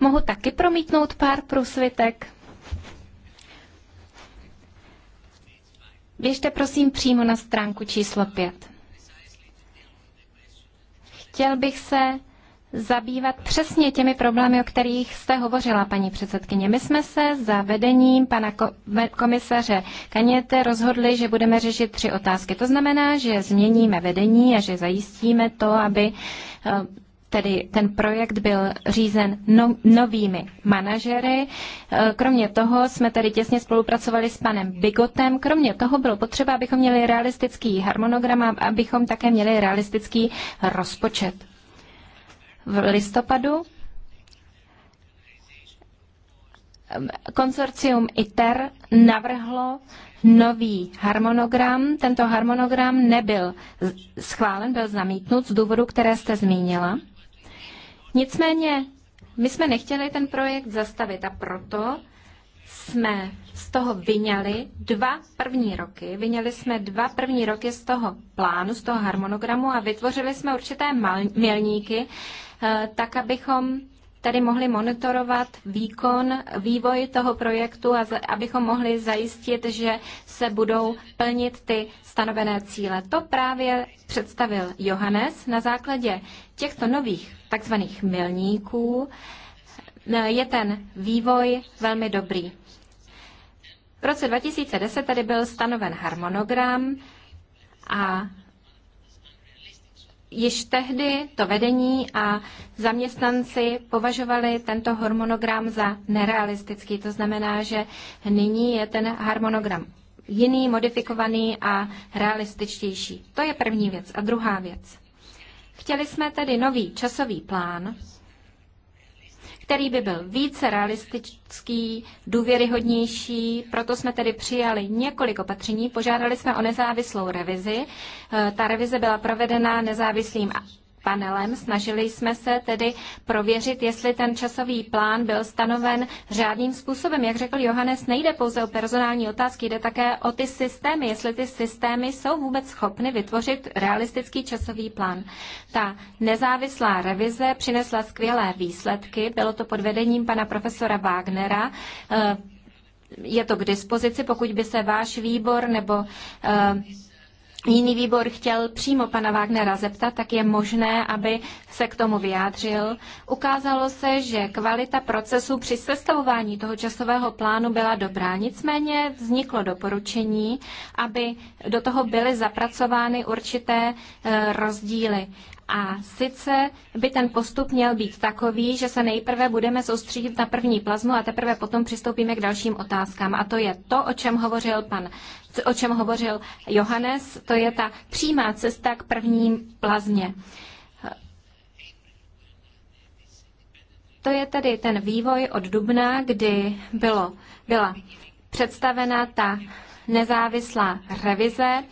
Mohu taky promítnout pár průsvitek? Běžte prosím přímo na stránku číslo 5. Chtěl bych se zabývat přesně těmi problémy, o kterých jste hovořila, paní předsedkyně. My jsme se za vedením pana komisaře Kaněte rozhodli, že budeme řešit tři otázky. To znamená, že změníme vedení a že zajistíme to, aby eh, tedy ten projekt byl řízen no, novými manažery. E, kromě toho jsme tedy těsně spolupracovali s panem Bigotem. Kromě toho bylo potřeba, abychom měli realistický harmonogram a abychom také měli realistický rozpočet. V listopadu konsorcium ITER navrhlo nový harmonogram. Tento harmonogram nebyl schválen, byl zamítnut z důvodu, které jste zmínila. Nicméně my jsme nechtěli ten projekt zastavit a proto jsme z toho vyňali dva první roky. Vyňali jsme dva první roky z toho plánu, z toho harmonogramu a vytvořili jsme určité milníky, eh, tak abychom tady mohli monitorovat výkon, vývoj toho projektu a abychom mohli zajistit, že se budou plnit ty stanovené cíle. To právě představil Johannes na základě těchto nových takzvaných milníků eh, je ten vývoj velmi dobrý. V roce 2010 tady byl stanoven harmonogram a Již tehdy to vedení a zaměstnanci považovali tento harmonogram za nerealistický. To znamená, že nyní je ten harmonogram jiný, modifikovaný a realističtější. To je první věc. A druhá věc. Chtěli jsme tedy nový časový plán, který by byl více realistický, důvěryhodnější, proto jsme tedy přijali několik opatření, požádali jsme o nezávislou revizi. E, ta revize byla provedena nezávislým panelem. Snažili jsme se tedy prověřit, jestli ten časový plán byl stanoven řádným způsobem. Jak řekl Johannes, nejde pouze o personální otázky, jde také o ty systémy, jestli ty systémy jsou vůbec schopny vytvořit realistický časový plán. Ta nezávislá revize přinesla skvělé výsledky, bylo to pod vedením pana profesora Wagnera eh, je to k dispozici, pokud by se váš výbor nebo eh, jiný výbor chtěl přímo pana Wagnera zeptat, tak je možné, aby se k tomu vyjádřil. Ukázalo se, že kvalita procesu při sestavování toho časového plánu byla dobrá. Nicméně vzniklo doporučení, aby do toho byly zapracovány určité e, rozdíly. A sice by ten postup měl být takový, že se nejprve budeme soustředit na první plazmu a teprve potom přistoupíme k dalším otázkám. A to je to, o čem hovořil pan o čem hovořil Johannes, to je ta přímá cesta k prvním plazmě. To je tedy ten vývoj od dubna, kdy bylo, byla představena ta nezávislá revize.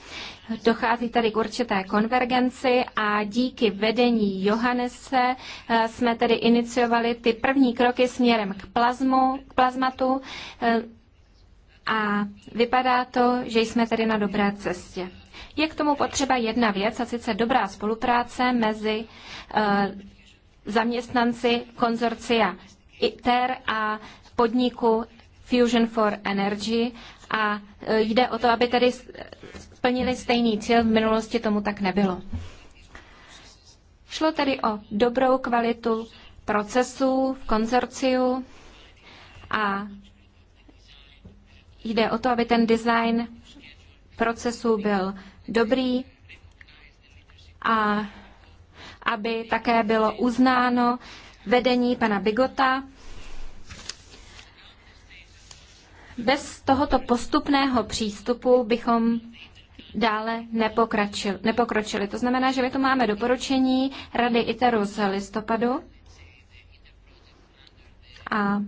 Dochází tady k určité konvergenci a díky vedení Johannese eh, jsme tedy iniciovali ty první kroky směrem k plazmu, k plazmatu. Eh, a vypadá to, že jsme tedy na dobré cestě. Je k tomu potřeba jedna věc, a sice dobrá spolupráce mezi eh, zaměstnanci konzorcia ITER a podniku Fusion for Energy a eh, jde o to, aby tedy splnili stejný cíl. V minulosti tomu tak nebylo. Šlo tedy o dobrou kvalitu procesů v konzorciu a Jde o to, aby ten design procesu byl dobrý a aby také bylo uznáno vedení pana Bigota. Bez tohoto postupného přístupu bychom dále nepokročili. nepokročili. To znamená, že my tu máme doporučení Rady ITERu z listopadu a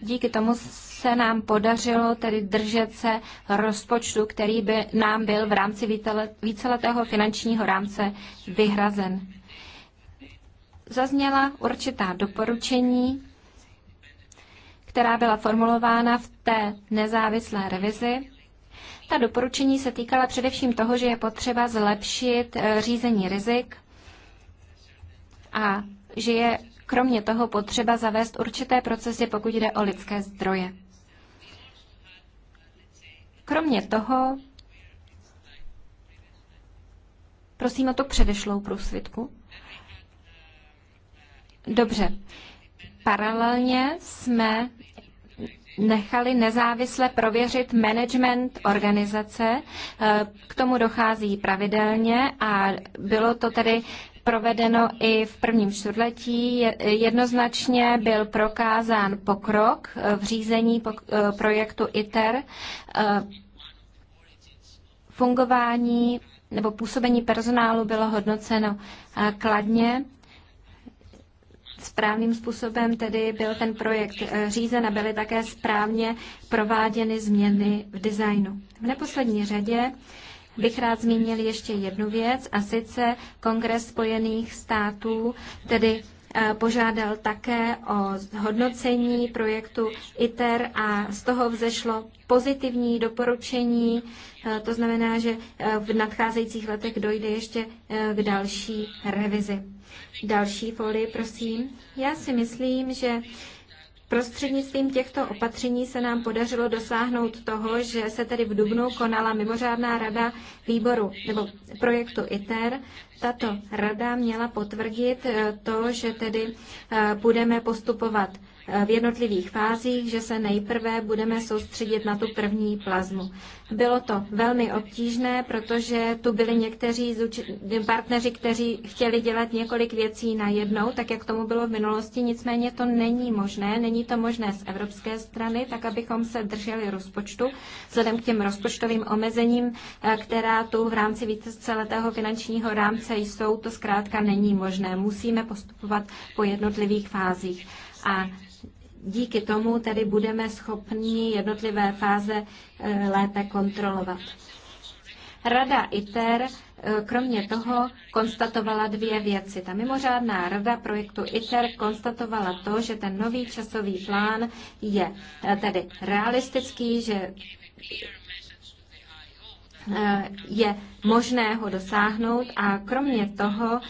díky tomu se nám podařilo tedy držet se rozpočtu, který by nám byl v rámci víceletého finančního rámce vyhrazen. Zazněla určitá doporučení, která byla formulována v té nezávislé revizi. Ta doporučení se týkala především toho, že je potřeba zlepšit e, řízení rizik a že je kromě toho potřeba zavést určité procesy, pokud jde o lidské zdroje. Kromě toho, prosím o to předešlou průsvitku. Dobře. Paralelně jsme nechali nezávisle prověřit management organizace. K tomu dochází pravidelně a bylo to tedy provedeno i v prvním čtvrtletí. Jednoznačně byl prokázán pokrok eh, v řízení eh, projektu ITER. Eh, fungování nebo působení personálu bylo hodnoceno kladně. Správným způsobem tedy byl ten projekt řízen a byly také správně prováděny změny v designu. V neposlední řadě bych rád zmínil ještě jednu věc, a sice Kongres Spojených států, tedy eh, požádal také o hodnocení projektu ITER a z toho vzešlo pozitivní doporučení. Eh, to znamená, že eh, v nadcházejících letech dojde ještě k další revizi. Další folii, prosím. Já si myslím, že Prostřednictvím těchto opatření se nám podařilo dosáhnout toho, že se tedy v Dubnu konala mimořádná rada výboru nebo projektu ITER. Tato rada měla potvrdit eh, to, že tedy eh, budeme postupovat v jednotlivých fázích, že se nejprve budeme soustředit na tu první plazmu. Bylo to velmi obtížné, protože tu byli někteří partneři, kteří chtěli dělat několik věcí na najednou, tak jak tomu bylo v minulosti, nicméně to není možné, není to možné z evropské strany, tak abychom se drželi rozpočtu, vzhledem k těm rozpočtovým omezením, eh, která tu v rámci víceletého finančního rámce jsou, to zkrátka není možné. Musíme postupovat po jednotlivých fázích. A díky tomu tedy budeme schopni jednotlivé fáze eh, lépe kontrolovat. Rada ITER eh, kromě toho konstatovala dvě věci. Ta mimořádná rada projektu ITER konstatovala to, že ten nový časový plán je eh, tedy realistický, že je možné ho dosáhnout a kromě toho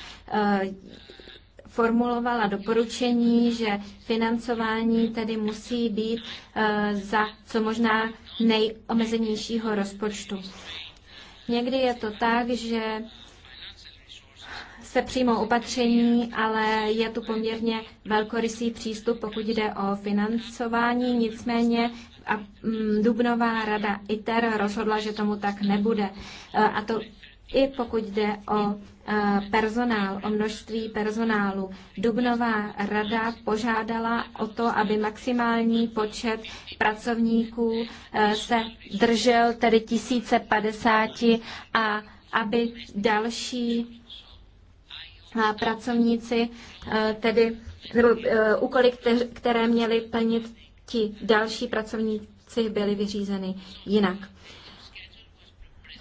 formulovala doporučení, že financování tedy musí být eh, za co možná nejomezenějšího rozpočtu. Někdy je to tak, že se přijmou opatření, ale je tu poměrně velkorysý přístup, pokud jde o financování. Nicméně a mm, Dubnová rada ITER rozhodla, že tomu tak nebude. Eh, a to i pokud jde o e, personál, o množství personálu. Dubnová rada požádala o to, aby maximální počet pracovníků e, se držel tedy 1050 a aby další e, pracovníci, tedy úkoly, které měli plnit ti další pracovníci, byly vyřízeny jinak.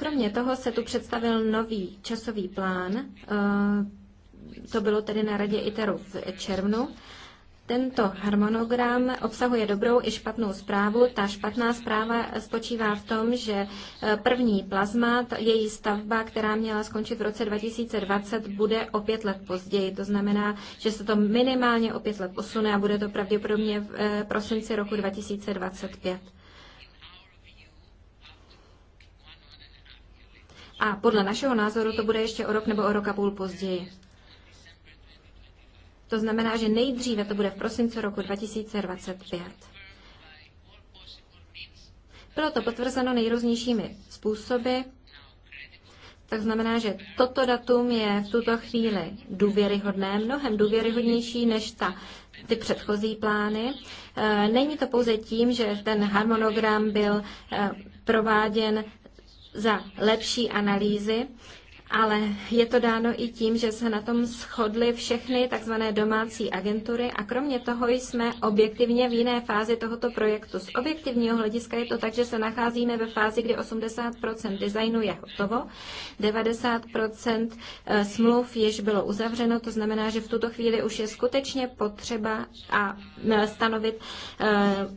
Kromě toho se tu představil nový časový plán, eh, to bylo tedy na radě ITERu v červnu. Tento harmonogram obsahuje dobrou i špatnou zprávu. Ta špatná zpráva spočívá v tom, že eh, první plazma, její stavba, která měla skončit v roce 2020, bude o pět let později. To znamená, že se to minimálně o pět let posune a bude to pravděpodobně v eh, prosinci roku 2025. A podle našeho názoru to bude ještě o rok nebo o rok a půl později. To znamená, že nejdříve to bude v prosinci roku 2025. Bylo to potvrzeno nejrůznějšími způsoby, tak znamená, že toto datum je v tuto chvíli důvěryhodné, mnohem důvěryhodnější než ta, ty předchozí plány. E, není to pouze tím, že ten harmonogram byl e, prováděn za lepší analýzy, ale je to dáno i tím, že se na tom shodly všechny tzv. domácí agentury a kromě toho jsme objektivně v jiné fázi tohoto projektu. Z objektivního hlediska je to tak, že se nacházíme ve fázi, kdy 80 designu je hotovo, 90 eh, smluv již bylo uzavřeno, to znamená, že v tuto chvíli už je skutečně potřeba a eh, stanovit eh,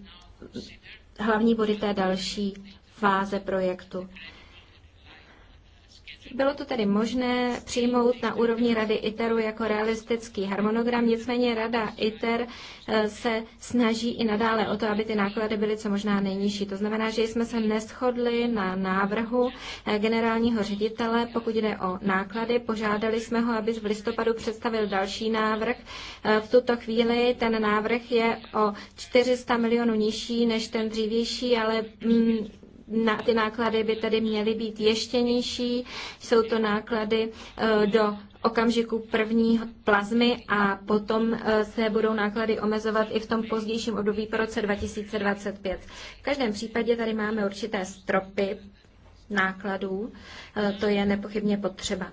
hlavní body té další fáze projektu. Bylo to tedy možné přijmout na úrovni Rady ITERu jako realistický harmonogram, nicméně Rada ITER eh, se snaží i nadále o to, aby ty náklady byly co možná nejnižší. To znamená, že jsme se neschodli na návrhu eh, generálního ředitele, pokud jde o náklady. Požádali jsme ho, aby v listopadu představil další návrh. Eh, v tuto chvíli ten návrh je o 400 milionů nižší než ten dřívější, ale mm, na, ty náklady by tedy měly být ještě nižší. Jsou to náklady eh, do okamžiku první plazmy a potom eh, se budou náklady omezovat i v tom pozdějším období po roce 2025. V každém případě tady máme určité stropy nákladů, eh, to je nepochybně potřeba.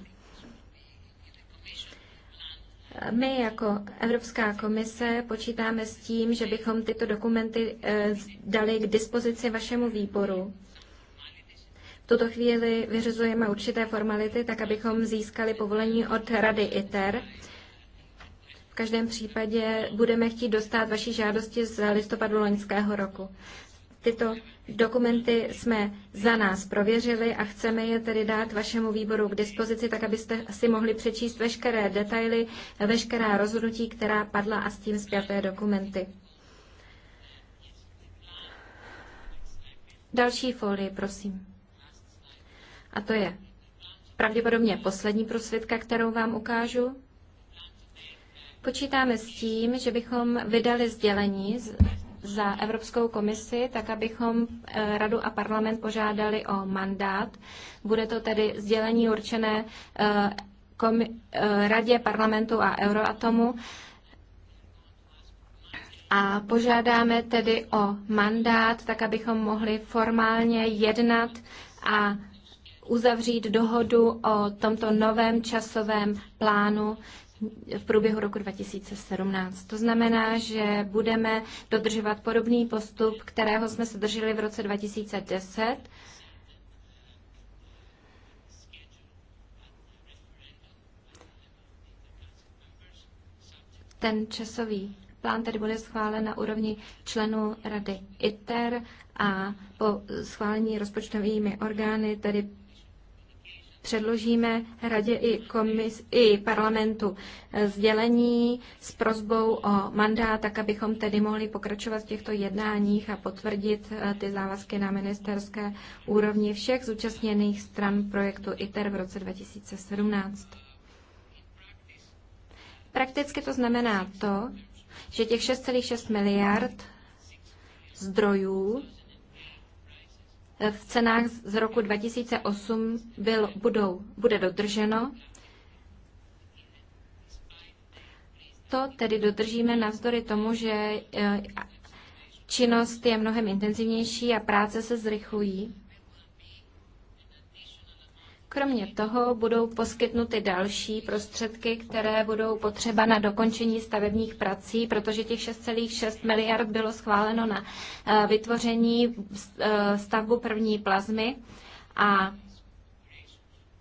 My jako Evropská komise počítáme s tím, že bychom tyto dokumenty eh, dali k dispozici vašemu výboru. V tuto chvíli vyřizujeme určité formality, tak abychom získali povolení od Rady ITER. V každém případě budeme chtít dostat vaší žádosti z listopadu loňského roku. Tyto dokumenty jsme za nás prověřili a chceme je tedy dát vašemu výboru k dispozici, tak abyste si mohli přečíst veškeré detaily, veškerá rozhodnutí, která padla a s tím zpěté dokumenty. Další folii, prosím. A to je pravděpodobně poslední prosvědka, kterou vám ukážu. Počítáme s tím, že bychom vydali sdělení za Evropskou komisi, tak abychom eh, Radu a parlament požádali o mandát. Bude to tedy sdělení určené eh, eh, Radě parlamentu a Euroatomu. A požádáme tedy o mandát, tak abychom mohli formálně jednat a uzavřít dohodu o tomto novém časovém plánu, v průběhu roku 2017. To znamená, že budeme dodržovat podobný postup, kterého jsme se drželi v roce 2010. Ten časový plán tedy bude schválen na úrovni členů Rady ITER a po schválení rozpočtovými orgány tedy předložíme radě i, komis, i parlamentu eh, sdělení s prozbou o mandát, tak abychom tedy mohli pokračovat v těchto jednáních a potvrdit eh, ty závazky na ministerské úrovni všech zúčastněných stran projektu ITER v roce 2017. Prakticky to znamená to, že těch 6,6 miliard zdrojů v cenách z roku 2008 byl, budou, bude dodrženo. To tedy dodržíme navzdory tomu, že eh, činnost je mnohem intenzivnější a práce se zrychlují. Kromě toho budou poskytnuty další prostředky, které budou potřeba na dokončení stavebních prací, protože těch 6,6 miliard bylo schváleno na eh, vytvoření eh, stavbu první plazmy a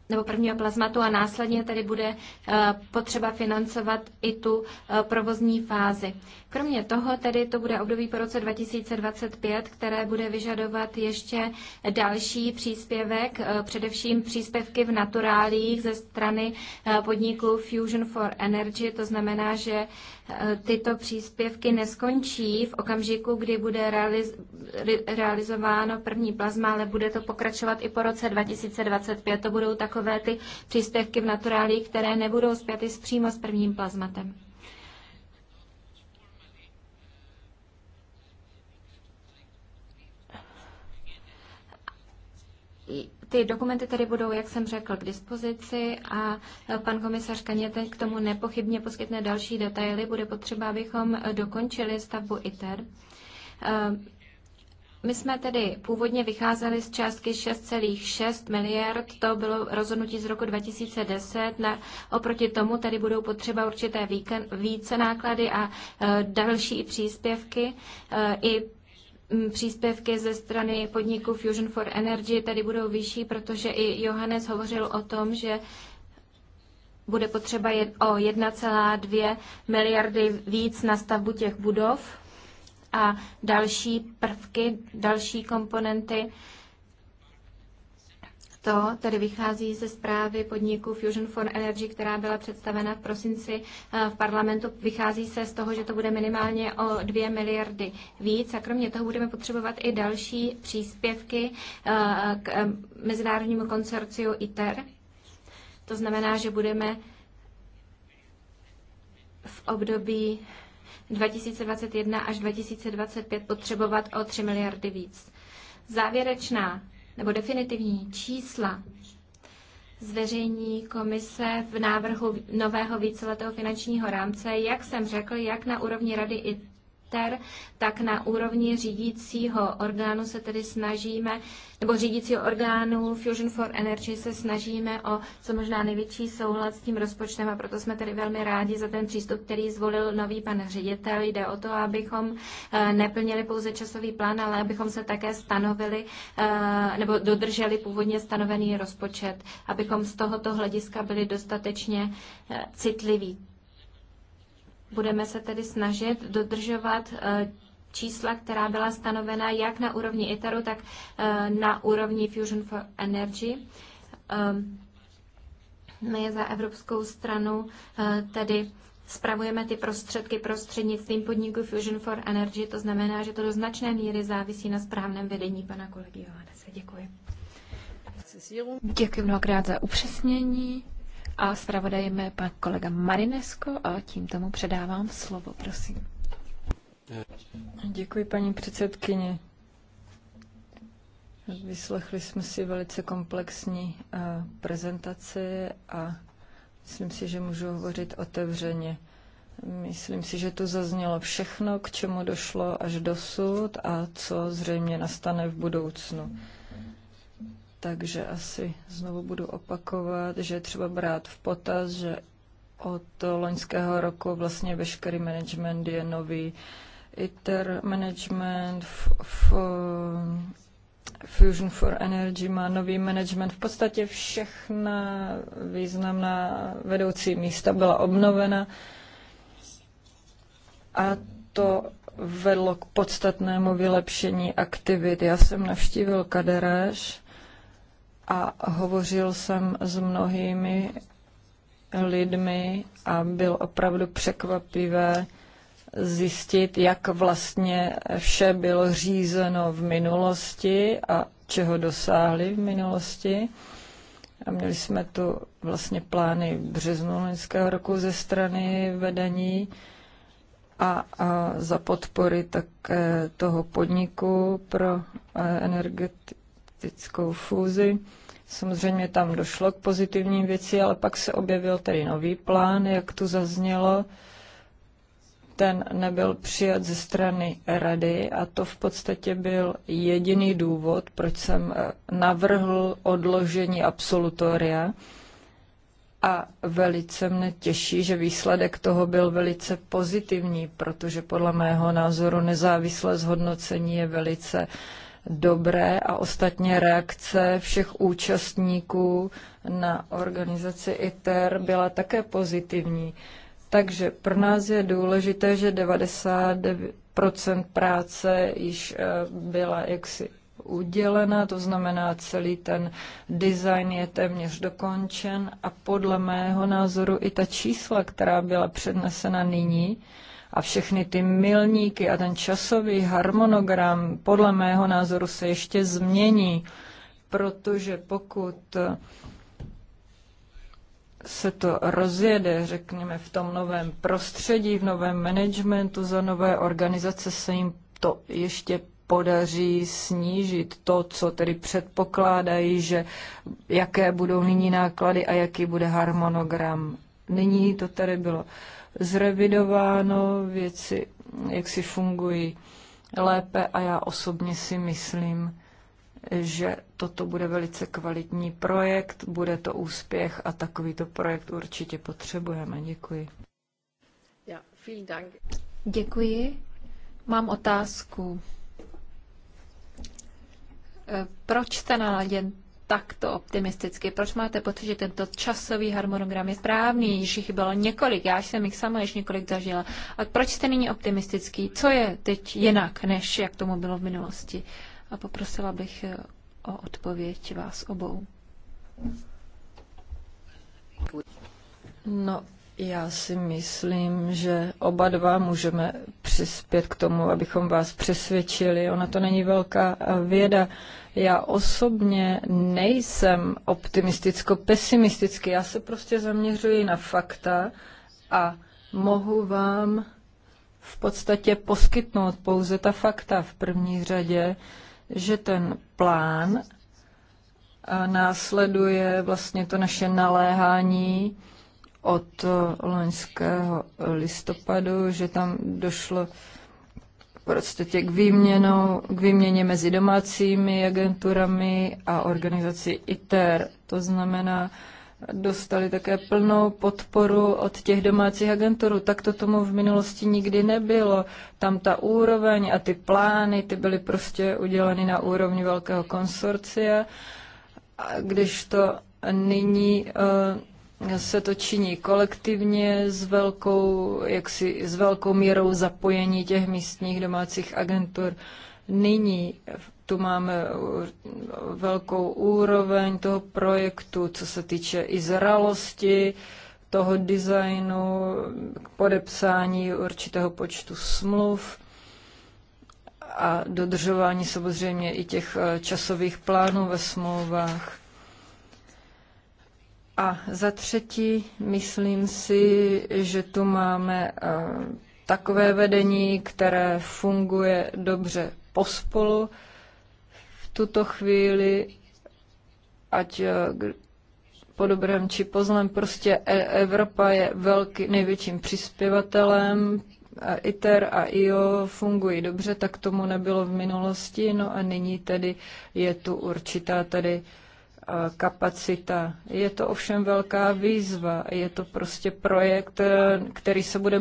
nebo prvního plazmatu a následně tedy bude eh, potřeba financovat i tu provozní fázi. Kromě toho tedy to bude období po roce 2025, které bude vyžadovat ještě další příspěvek, eh, především příspěvky v naturálích ze strany eh, podniku Fusion for Energy. To znamená, že eh, tyto příspěvky neskončí v okamžiku, kdy bude realizováno první plazma, ale bude to pokračovat i po roce 2025. To budou takové ty příspěvky v naturálích, které nebudou zpěty přímo s prvním plazmatem. Ty dokumenty tady budou, jak jsem řekl, k dispozici a e, pan komisař Kaněte k tomu nepochybně poskytne další detaily. Bude potřeba, abychom e, dokončili stavbu ITER. E, my jsme tedy původně vycházeli z částky 6,6 miliard, to bylo rozhodnutí z roku 2010. Na, oproti tomu tady budou potřeba určité víken, více náklady a e, další příspěvky. E, I příspěvky ze strany podniku Fusion for Energy tady budou vyšší, protože i Johannes hovořil o tom, že bude potřeba o 1,2 miliardy víc na stavbu těch budov a další prvky, další komponenty to tedy vychází ze zprávy podniku Fusion for Energy, která byla představena v prosinci eh, v parlamentu. Vychází se z toho, že to bude minimálně o 2 miliardy víc a kromě toho budeme potřebovat i další příspěvky eh, k eh, mezinárodnímu konsorciu ITER. To znamená, že budeme v období 2021 až 2025 potřebovat o 3 miliardy víc. Závěrečná nebo definitivní čísla zveřejní komise v návrhu nového víceletého finančního rámce, jak jsem řekl, jak na úrovni Rady charakter, tak na úrovni řídícího orgánu se tedy snažíme, nebo řídícího orgánu Fusion for Energy se snažíme o co možná největší souhlas s tím rozpočtem a proto jsme tedy velmi rádi za ten přístup, který zvolil nový pan ředitel. Jde o to, abychom eh, neplnili pouze časový plán, ale abychom se také stanovili eh, nebo dodrželi původně stanovený rozpočet, abychom z tohoto hlediska byli dostatečně eh, citliví. Budeme se tedy snažit dodržovat eh, čísla, která byla stanovena jak na úrovni ITERu, tak eh, na úrovni Fusion for Energy. Ehm, my za evropskou stranu eh, tedy spravujeme ty prostředky prostřednictvím podniku Fusion for Energy, to znamená, že to do značné míry závisí na správném vedení pana kolegy Johannese. Děkuji. Děkuji mnohokrát za upřesnění a zpravodajem je pan kolega Marinesko a tím tomu předávám slovo, prosím. Děkuji, paní předsedkyně. Vyslechli jsme si velice komplexní eh, prezentaci a myslím si, že můžu hovořit otevřeně. Myslím si, že tu zaznělo všechno, k čemu došlo až dosud a co zřejmě nastane v budoucnu. Takže asi znovu budu opakovat, že třeba brát v potaz, že od loňského roku vlastně veškerý management je nový. ITER management, f, f, Fusion for Energy má nový management. V podstatě všechna významná vedoucí místa byla obnovena a to vedlo k podstatnému vylepšení aktivit. Já jsem navštívil Kaderáž a hovořil jsem s mnohými lidmi a bylo opravdu překvapivé zjistit, jak vlastně vše bylo řízeno v minulosti a čeho dosáhli v minulosti. A měli jsme tu vlastně plány v březnu loňského roku ze strany vedení a, a za podpory tak toho podniku pro eh, energetickou fúzi. Samozřejmě tam došlo k pozitivním věci, ale pak se objevil tedy nový plán, jak tu zaznělo. Ten nebyl přijat ze strany rady a to v podstatě byl jediný důvod, proč jsem eh, navrhl odložení absolutoria. A velice mne těší, že výsledek toho byl velice pozitivní, protože podle mého názoru nezávislé zhodnocení je velice uh, dobré a ostatně reakce všech účastníků na organizaci ITER byla také pozitivní. Takže pro nás je důležité, že 99 práce již eh, byla jaksi udělena, to znamená, celý ten design je téměř dokončen a podle mého názoru i ta čísla, která byla přednesena nyní, a všechny ty milníky a ten časový harmonogram podle mého názoru se ještě změní, protože pokud se to rozjede, řekněme, v tom novém prostředí, v novém managementu za nové organizace se jim to ještě podaří snížit to, co tedy předpokládají, že jaké budou nyní náklady a jaký bude harmonogram. Nyní to tady bylo zrevidováno, věci, jak si fungují lépe a já osobně si myslím, že toto bude velice kvalitní projekt, bude to úspěch a takovýto projekt určitě potřebujeme. Děkuji. Ja, vielen Dank. Děkuji. Mám otázku. E, proč jste naladěn takto optimisticky? Proč máte pocit, že tento časový harmonogram je správný, když jich bylo několik? Já jsem jich sama ještě několik zažila. A proč jste nyní optimistický? Co je teď jinak, než jak tomu bylo v minulosti? A poprosila bych eh, o odpověď vás obou. No, já si myslím, že oba dva můžeme přispět k tomu, abychom vás přesvědčili. Ona to není velká věda. Já osobně nejsem optimisticko-pesimistický. Já se prostě zaměřuji na fakta a mohu vám v podstatě poskytnout pouze ta fakta v první řadě, že ten plán následuje vlastně to naše naléhání, od loňského listopadu, že tam došlo prostě k, výměnou, k výměně mezi domácími agenturami a organizací ITER. To znamená, dostali také plnou podporu od těch domácích agenturů. Tak to tomu v minulosti nikdy nebylo. Tam ta úroveň a ty plány, ty byly prostě udělány na úrovni velkého konsorcia, když to nyní eh, se to činí kolektivně s velkou, jaksi, s velkou mírou zapojení těch místních domácích agentur. Nyní tu máme velkou úroveň toho projektu, co se týče i zralosti, toho designu, podepsání určitého počtu smluv a dodržování samozřejmě i těch eh, časových plánů ve smlouvách. A za třetí, myslím si, že tu máme eh, takové vedení, které funguje dobře pospolu v tuto chvíli, ať eh, po dobrém či po zlem, prostě e- Evropa je velký, největším přispěvatelem ITER a IO fungují dobře, tak tomu nebylo v minulosti, no a nyní tedy je tu určitá tedy kapacita. Je to ovšem velká výzva. Je to prostě projekt, eh, který se bude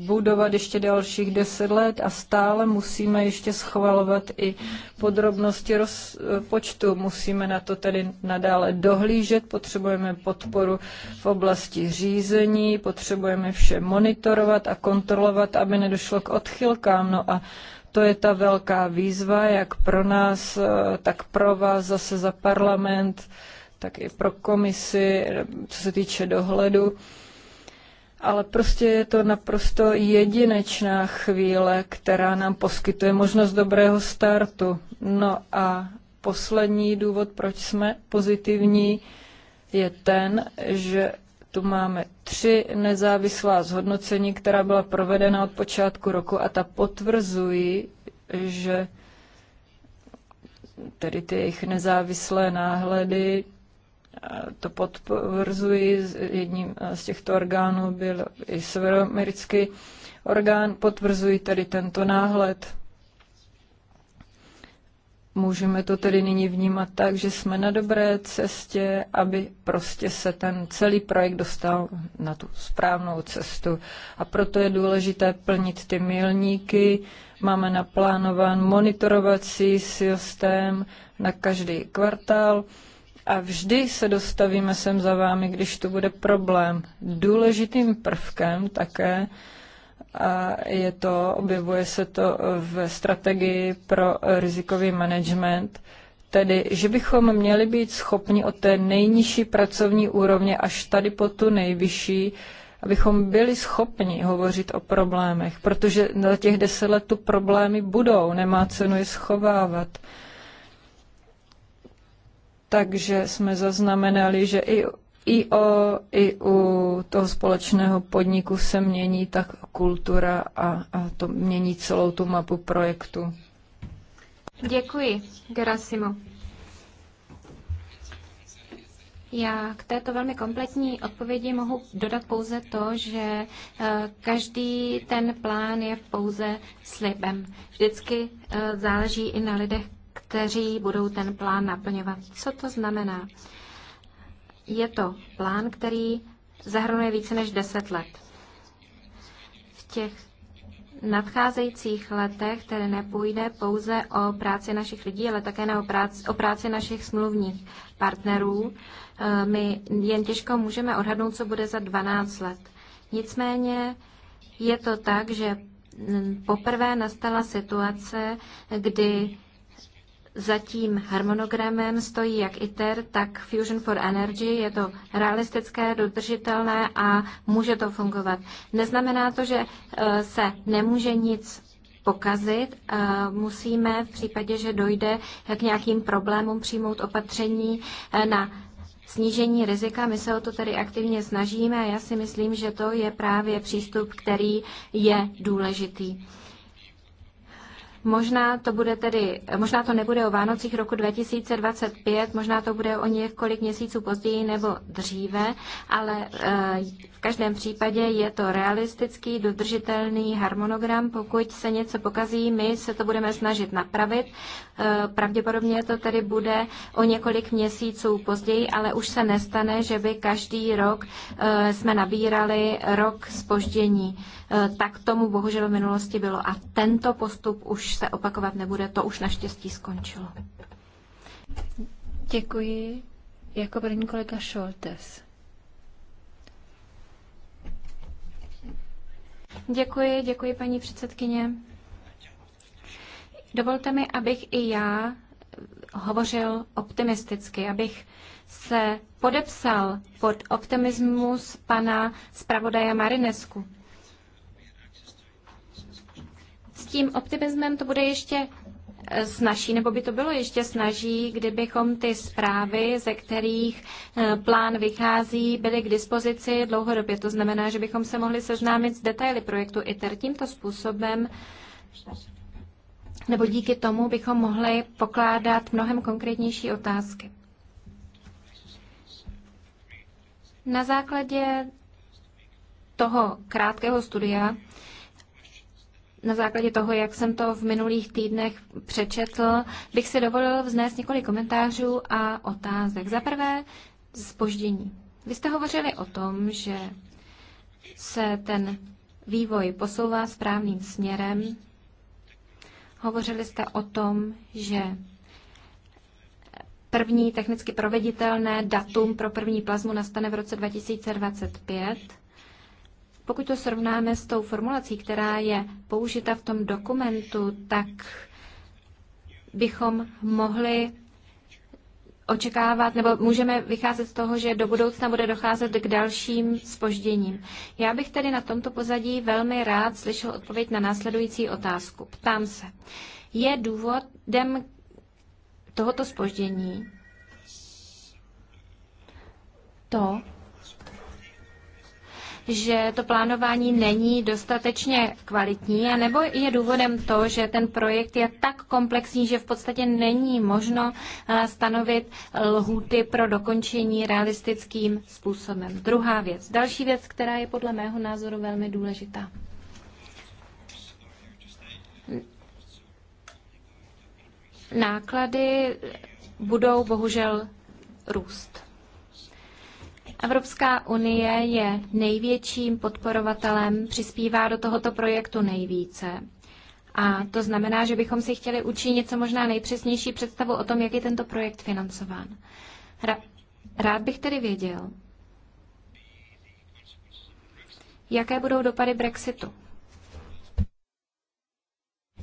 budovat ještě dalších deset let a stále musíme ještě schvalovat i podrobnosti rozpočtu. Eh, musíme na to tedy nadále dohlížet, potřebujeme podporu v oblasti řízení, potřebujeme vše monitorovat a kontrolovat, aby nedošlo k odchylkám. No a to je ta velká výzva, jak pro nás, eh, tak pro vás, zase za parlament, tak i pro komisi, co se týče dohledu. Ale prostě je to naprosto jedinečná chvíle, která nám poskytuje možnost dobrého startu. No a poslední důvod, proč jsme pozitivní, je ten, že tu máme tři nezávislá zhodnocení, která byla provedena od počátku roku a ta potvrzují, že tedy ty jejich nezávislé náhledy to potvrzují. Jedním z těchto orgánů byl i severoamerický orgán, potvrzují tedy tento náhled. Můžeme to tedy nyní vnímat tak, že jsme na dobré cestě, aby prostě se ten celý projekt dostal na tu správnou cestu. A proto je důležité plnit ty milníky. Máme naplánovan monitorovací systém na každý kvartál a vždy se dostavíme sem za vámi, když tu bude problém. Důležitým prvkem také a je to, objevuje se to v strategii pro rizikový management, tedy, že bychom měli být schopni od té nejnižší pracovní úrovně až tady po tu nejvyšší, abychom byli schopni hovořit o problémech, protože na těch deset let tu problémy budou, nemá cenu je schovávat. Takže jsme zaznamenali, že i i, o, i u toho společného podniku se mění tak kultura a, a to mění celou tu mapu projektu. Děkuji, Gerasimo. Já k této velmi kompletní odpovědi mohu dodat pouze to, že eh, každý ten plán je pouze slibem. Vždycky eh, záleží i na lidech, kteří budou ten plán naplňovat. Co to znamená? Je to plán, který zahrnuje více než 10 let. V těch nadcházejících letech které nepůjde pouze o práci našich lidí, ale také na o, práci, o práci našich smluvních partnerů. E, my jen těžko můžeme odhadnout, co bude za 12 let. Nicméně je to tak, že poprvé nastala situace, kdy zatím harmonogramem stojí jak ITER, tak Fusion for Energy. Je to realistické, dodržitelné a může to fungovat. Neznamená to, že eh, se nemůže nic pokazit. Eh, musíme v případě, že dojde k nějakým problémům přijmout opatření eh, na snížení rizika. My se o to tedy aktivně snažíme a já si myslím, že to je právě přístup, který je důležitý. Možná to, bude tedy, možná to nebude o Vánocích roku 2025, možná to bude o několik měsíců později nebo dříve, ale e, v každém případě je to realistický, dodržitelný harmonogram. Pokud se něco pokazí, my se to budeme snažit napravit. E, pravděpodobně to tedy bude o několik měsíců později, ale už se nestane, že by každý rok e, jsme nabírali rok spoždění. Tak tomu bohužel v minulosti bylo a tento postup už se opakovat nebude, to už naštěstí skončilo. Děkuji. Jako první kolega Šoltes. Děkuji, děkuji paní předsedkyně. Dovolte mi, abych i já hovořil optimisticky, abych se podepsal pod optimismus pana zpravodaje Marinesku. tím optimismem to bude ještě eh, snaží, nebo by to bylo ještě snaží, kdybychom ty zprávy, ze kterých eh, plán vychází, byly k dispozici dlouhodobě. To znamená, že bychom se mohli seznámit s detaily projektu ITER tímto způsobem, nebo díky tomu bychom mohli pokládat mnohem konkrétnější otázky. Na základě toho krátkého studia na základě toho, jak jsem to v minulých týdnech přečetl, bych si dovolil vznést několik komentářů a otázek. Za prvé, zpoždění. Vy jste hovořili o tom, že se ten vývoj posouvá správným směrem. Hovořili jste o tom, že první technicky proveditelné datum pro první plazmu nastane v roce 2025. Pokud to srovnáme s tou formulací, která je použita v tom dokumentu, tak bychom mohli očekávat, nebo můžeme vycházet z toho, že do budoucna bude docházet k dalším spožděním. Já bych tedy na tomto pozadí velmi rád slyšel odpověď na následující otázku. Ptám se, je důvodem tohoto spoždění to, že to plánování není dostatečně kvalitní, anebo je důvodem to, že ten projekt je tak komplexní, že v podstatě není možno stanovit lhuty pro dokončení realistickým způsobem. Druhá věc. Další věc, která je podle mého názoru velmi důležitá. Náklady budou bohužel růst. Evropská unie je největším podporovatelem, přispívá do tohoto projektu nejvíce. A to znamená, že bychom si chtěli učinit co možná nejpřesnější představu o tom, jak je tento projekt financován. Rád bych tedy věděl, jaké budou dopady Brexitu.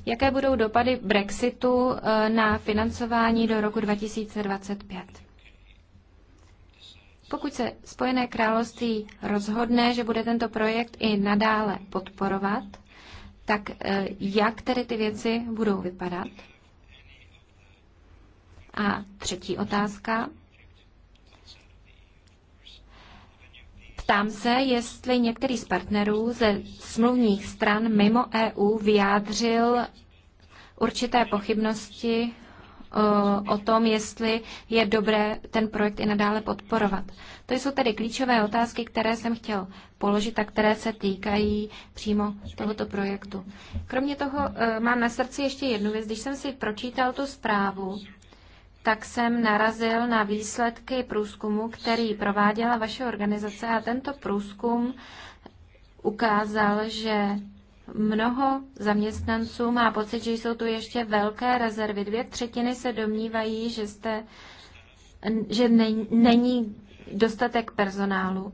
Jaké budou dopady Brexitu eh, na financování do roku 2025? Pokud se Spojené království rozhodne, že bude tento projekt i nadále podporovat, tak eh, jak tedy ty věci budou vypadat? A třetí otázka. Ptám se, jestli některý z partnerů ze smluvních stran mimo EU vyjádřil určité pochybnosti Eh, o tom, jestli je dobré ten projekt i nadále podporovat. To jsou tedy klíčové otázky, které jsem chtěl položit a které se týkají přímo tohoto projektu. Kromě toho eh, mám na srdci ještě jednu věc. Když jsem si pročítal tu zprávu, tak jsem narazil na výsledky průzkumu, který prováděla vaše organizace a tento průzkum ukázal, že Mnoho zaměstnanců má pocit, že jsou tu ještě velké rezervy. Dvě třetiny se domnívají, že, jste, že není dostatek personálu.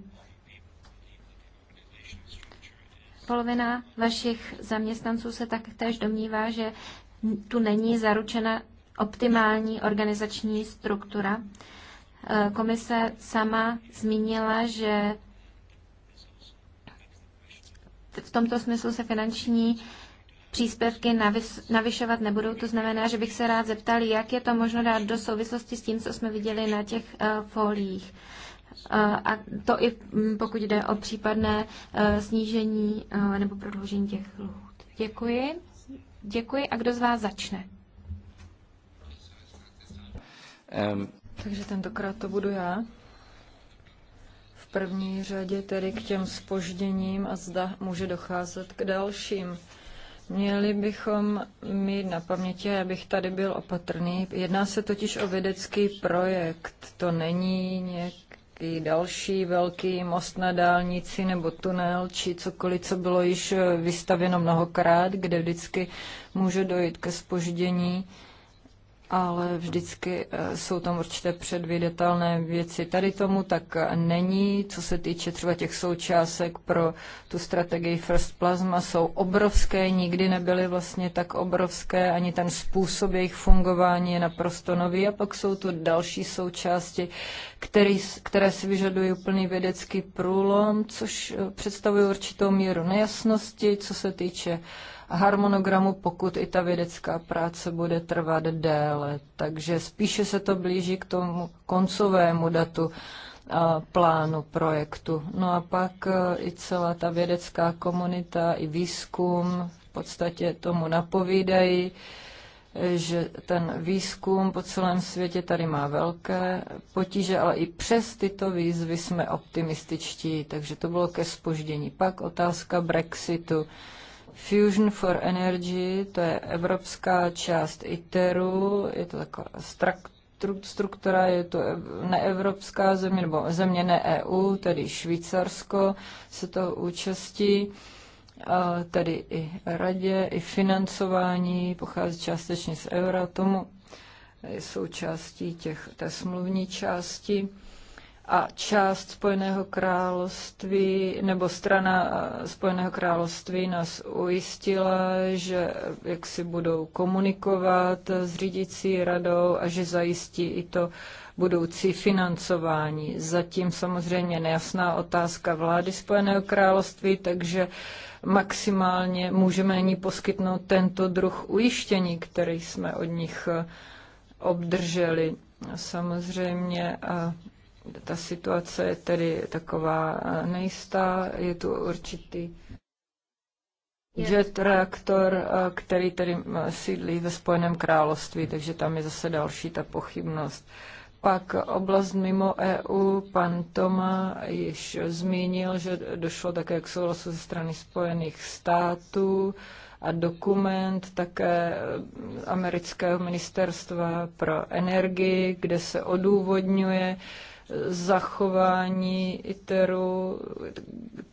Polovina vašich zaměstnanců se taktéž domnívá, že tu není zaručena optimální organizační struktura. Komise sama zmínila, že v tomto smyslu se finanční příspěvky navyšovat nebudou. To znamená, že bych se rád zeptal, jak je to možno dát do souvislosti s tím, co jsme viděli na těch uh, folích. Uh, a to i mm, pokud jde o případné uh, snížení uh, nebo prodloužení těch lhůt. Děkuji. Děkuji. A kdo z vás začne? Um. Takže tentokrát to budu já první řadě tedy k těm spožděním a zda může docházet k dalším. Měli bychom mít na paměti, abych tady byl opatrný. Jedná se totiž o vědecký projekt. To není nějaký další velký most na dálnici nebo tunel či cokoliv, co bylo již vystavěno mnohokrát, kde vždycky může dojít ke spoždění ale vždycky eh, jsou tam určité předvědatelné věci. Tady tomu tak není, co se týče třeba těch součásek pro tu strategii First Plasma, jsou obrovské, nikdy nebyly vlastně tak obrovské, ani ten způsob jejich fungování je naprosto nový a pak jsou tu další součásti, který, které si vyžadují úplný vědecký průlom, což eh, představuje určitou míru nejasnosti, co se týče uh, harmonogramu, pokud i ta vědecká práce bude trvat déle. Takže spíše se to blíží k tomu koncovému datu plánu projektu. No a pak i celá ta vědecká komunita, i výzkum v podstatě tomu napovídají, že ten výzkum po celém světě tady má velké potíže, ale i přes tyto výzvy jsme optimističtí, takže to bylo ke spoždění. Pak otázka Brexitu. Fusion for Energy, to je evropská část ITERu, je to taková struktura, je to neevropská země, nebo země ne EU, tedy Švýcarsko se to účastí tedy i radě, i financování pochází částečně z Euratomu, je součástí těch, té smluvní části a část Spojeného království nebo strana eh, Spojeného království nás ujistila, že eh, jak si budou komunikovat eh, s řídící radou a že zajistí i to budoucí financování. Zatím samozřejmě nejasná otázka vlády Spojeného království, takže maximálně můžeme ní poskytnout tento druh ujištění, který jsme od nich obdrželi. Samozřejmě a ta situace je tedy taková nejistá, je tu určitý jet reaktor, eh, který tedy eh, sídlí ve Spojeném království, takže tam je zase další ta pochybnost. Pak oblast mimo EU, pan Toma již zmínil, že došlo také k souhlasu ze strany Spojených států a dokument také eh, amerického ministerstva pro energii, kde se odůvodňuje, zachování ITERu,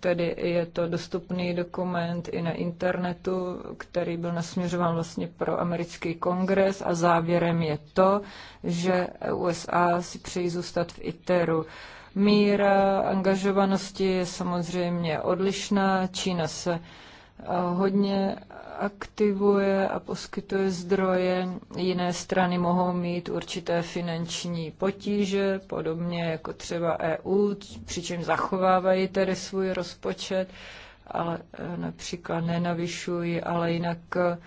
tedy je to dostupný dokument i na internetu, který byl nasměřován vlastně pro americký kongres a závěrem je to, že USA si přejí zůstat v ITERu. Míra angažovanosti je samozřejmě odlišná, Čína se eh, hodně aktivuje a poskytuje zdroje. Jiné strany mohou mít určité finanční potíže, podobně jako třeba EU, přičem zachovávají tedy svůj rozpočet, ale eh, například nenavyšují, ale jinak eh,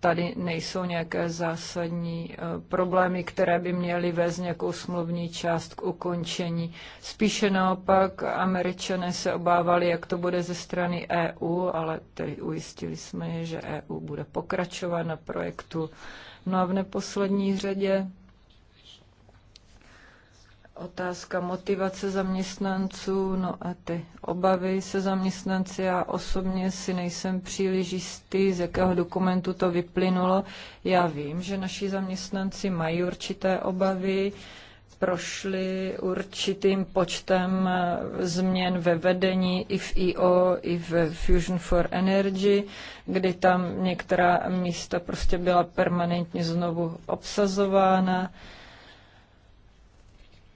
tady nejsou nějaké zásadní eh, problémy, které by měly vést nějakou smluvní část k ukončení. Spíše naopak američané se obávali, jak to bude ze strany EU, ale tedy ujistili jsme je, že EU bude pokračovat na projektu. No a v neposlední řadě otázka motivace zaměstnanců, no a ty obavy se zaměstnanci. Já osobně si nejsem příliš jistý, z jakého dokumentu to vyplynulo. Já vím, že naši zaměstnanci mají určité obavy, prošli určitým počtem eh, změn ve vedení i v IO, i v Fusion for Energy, kdy tam některá místa prostě byla permanentně znovu obsazována